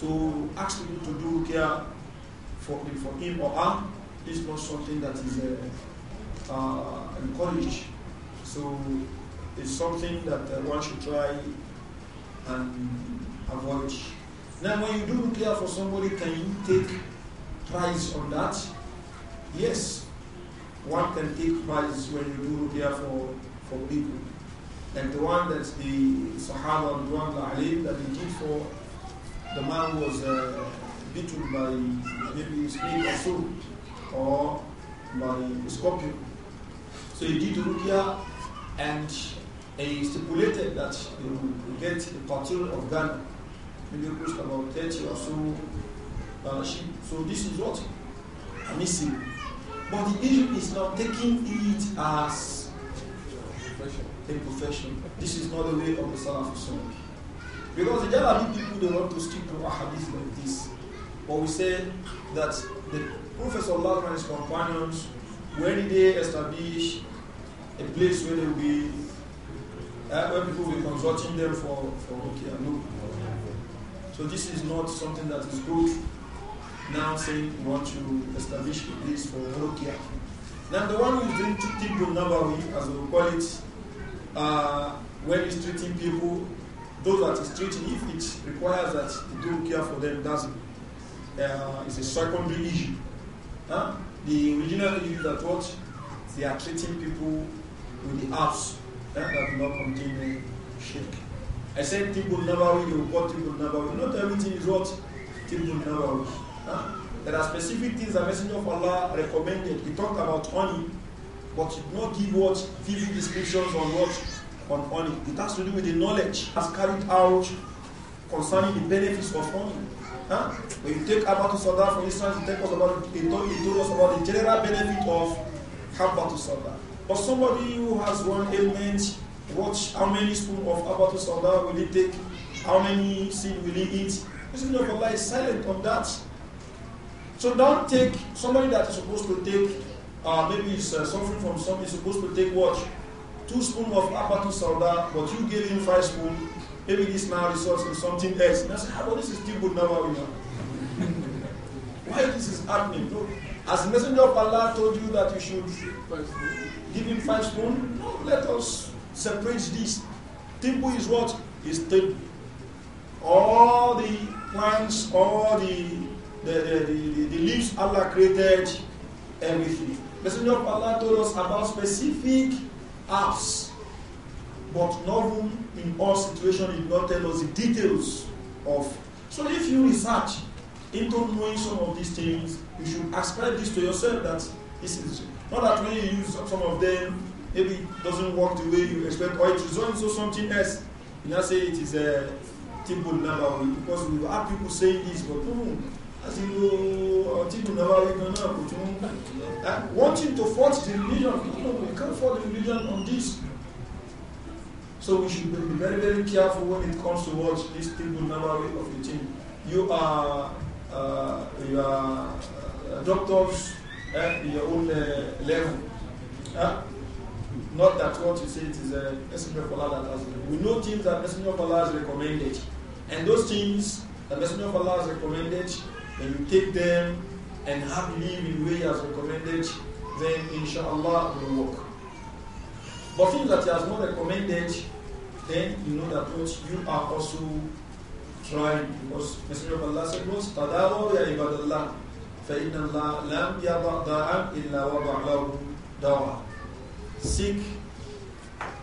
to ask people to do care for, for him or her is not something that is uh, uh, encouraged. So, it's something that uh, one should try and avoid. Now, when you do care for somebody, can you take price on that? Yes, one can take prizes when you do ruqya for, for people. Like the one that the Sahaba alayhi, that he did for the man who was uh, bitten by maybe a snake or so, or by a scorpion. So he did ruqya and he stipulated that he would get a portion of Ghana, maybe close about 30 or so uh, sheep. So this is what? I'm missing. But the issue is not taking it as a profession. This is not the way of the Salaf Sunnah. Because the Jalabi people that want to stick to a hadith like this. But we say that the Prophet Allah and his companions, when they establish a place where they will be, uh, where people will be consulting them for, for okay, So this is not something that is good now saying we want to establish a place for Rukia. Now the one who is doing treating Ibn Nabawi, as we call it, uh, when he's treating people, those that he's treating, if it requires that he do care for them, that's uh, it's a secondary issue. Huh? The original issue that what they are treating people with the apps eh, that do not contain shake. I said Tibbul Nabawi, they will call Tibbul Nabawi. Not everything is what Tibbul Nabawi. There are specific things the Messenger of Allah recommended. He talked about honey, but he did not give what vivid descriptions on what on honey. It has to do with the knowledge as carried out concerning the benefits of honey. Huh? When you take Abatu Sada, for instance, you take about, He told, told us about the general benefit of Habatu Sada. But somebody who has one ailment, watch how many spoon of Abatu Sada will he take? How many seed will he eat? This of Allah is silent on that. So don't take somebody that is supposed to take, uh, maybe is uh, suffering from something, Is supposed to take what? Two spoons of apatu soda, but you gave him five spoons. Maybe this now results in something else. And I say, how ah, about this is still good know? Why this is happening? As the messenger of Allah told you that you should give him five spoons, no, let us separate this. Timbu is what? Is timbu. All the plants, all the the, the, the, the leaves Allah created everything. Messenger of Allah told us about specific apps, but not in all situations did not tell us the details of. So if you research into knowing some of these things, you should ascribe this to yourself that this is not that when you use some of them, maybe it doesn't work the way you expect, or it results into something else. You now say it is a uh, Timbul number because we have people saying this, but no, àti irú ọtí ìdùnnáwá igan náà kò tún wanting to force the religion you know, we can't force the religion on this so we should be very very careful when it comes to what this ìdùnnáwá way of the thing you are uh, you are uh, doctors eh, in your own uh, level huh? Eh? Not that what you say it is a uh, messenger of Allah that has We know things that messenger of Allah has recommended. And those things that messenger of Allah has recommended, then you take them and have happily in the way he has recommended, then inshallah will work. But things that he has not recommended, then you know that what you are also trying. Because Messenger of Allah said, Once Tadawo ya ibadallah, فإن الله lam يضع داء illa وضع له Seek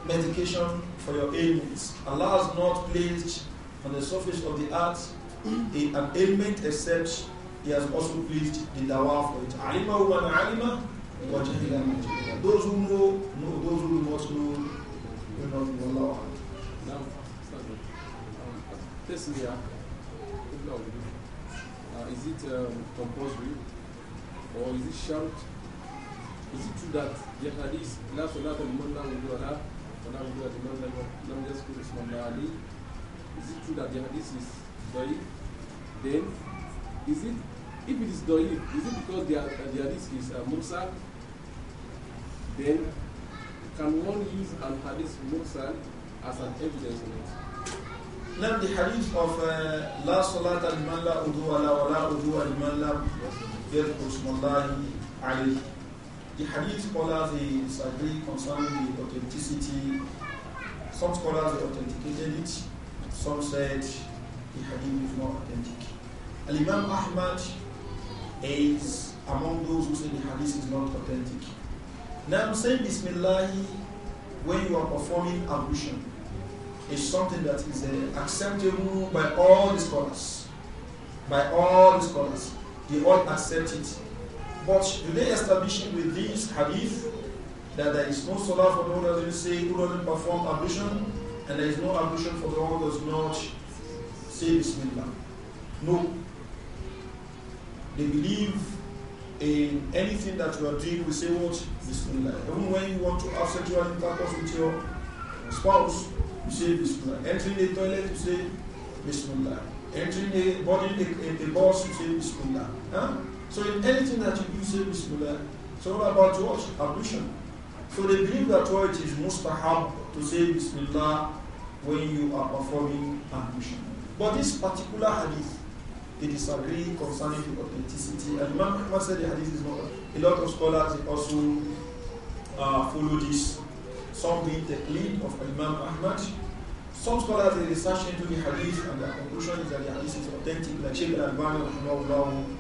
medication for your ailments. Allah has not placed on the surface of the earth in an ailment except he has also pleased the dawah for it. man alima wa jahila man jahila. Those who know, know. Those who do not know, do not know Allah. Now, this is the uh, is it um, compulsory or is it shout? Is it true that the hadith لا صلاة لمن لا وضوء له ولا وضوء لمن لم it true the hadith is then, is it, if it is Doif, is it because their, their risk is uh, Mursal? Then, can one use an hadith Mursal as an evidence on it? Now the hadith of uh, La Salat al-Man la udhu ala wa la udhu al-Man la alayhi. The hadith scholars they disagree concerning the authenticity. Some scholars they authenticated it, some said the hadith is not authentic. Al Imam Ahmad is among those who say the hadith is not authentic. Now, I'm saying Bismillah when you are performing ablution is something that is uh, acceptable by all the scholars. By all the scholars. They all accept it. But do they establish it with this hadith that there is no salah for the one who doesn't say, who doesn't perform ablution, and there is no ablution for the one who does not say Bismillah. No. They believe in anything that you are doing, we say what? Bismillah. Even when you want to have sexual intercourse with your spouse, you say Bismillah. Entering the toilet, you say Bismillah. Entering the body, the, the boss, you say Bismillah. Huh? So in anything that you do, say Bismillah. So what about what? Ablution. So they believe that what it is mustahab to say Bismillah when you are performing ablution. But this particular hadith, they disagree concerning the authenticity. And Imam Ahmad said the hadith is not. A lot of scholars also uh, follow this. Some being the lead of Imam Ahmad. Some scholars they research into the hadith and their conclusion is that the hadith is authentic, like Sheikh al-Albani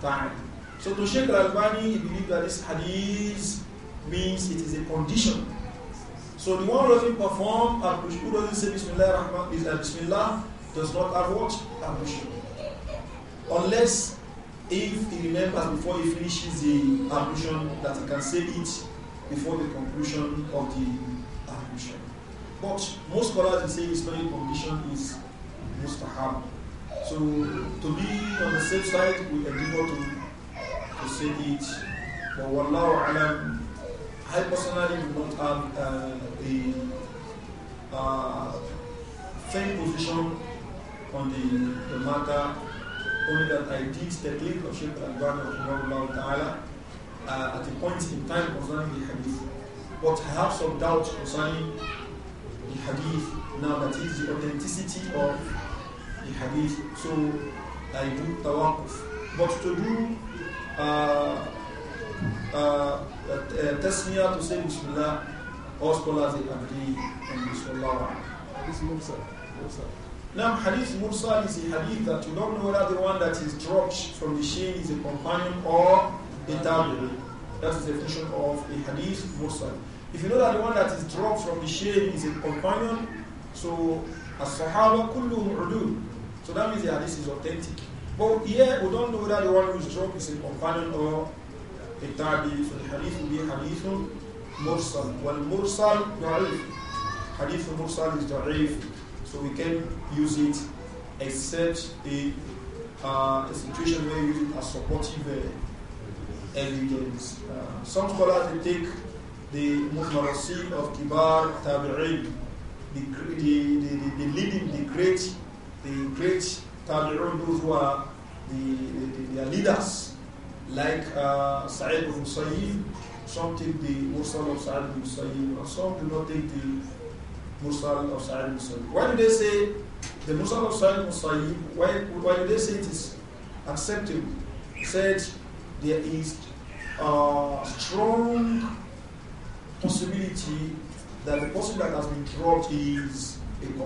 time. So to Sheikh al-Albani, he believed that this hadith means it is a condition. So the one who doesn't perform, who doesn't say Bismillah, is uh, Bismillah, does not have what? Ablution. Unless if he remembers before he finishes the ablution that he can say it before the conclusion of the ablution. But most scholars will say his prayer condition is most mustahab. So to be on the safe side, we endeavor to, to say it. But wallahu alam, I personally do not have uh, a uh, firm position on the, the matter, only that I did the leave of Sheikh Al-Albani Ta'ala uh, at a point in time concerning the hadith. But I have some doubts concerning the hadith now that is the authenticity of the hadith. So I do tawakuf. But to do uh, uh, uh, tasmiyah to say Bismillah, all scholars agree on this. Wallahu This moves up. Moves now, Hadith Mursal is a hadith that you don't know whether the one that is dropped from the sheen is a companion or a Tabi. That is the definition of a Hadith Mursal. If you know that the one that is dropped from the sheen is a companion, so as Sahaba Kullum udud. So that means the hadith is authentic. But here we don't know whether the one who is dropped is a companion or a Tabi, So the hadith will be Hadith mursal. Well, mursal da'if. Hadith mursal is da'if so we can use it except a, uh, a situation where you use it as supportive uh, evidence. Uh, some scholars take the Mujmarasid of Kibar Tabi'in, the, the, the, the, leading, the great, the great Tabi'un, those who are the, the, the leaders, like uh, Sa'id ibn Sayyid, some take the most of Sa'id ibn Sayyid, and some do not take the Mursal of Sa'id Musayyib. Why do they say the Mursal of Sa'id Musayyib, why, why do they say it is acceptable? Said there is a strong possibility that the person that has been dropped is a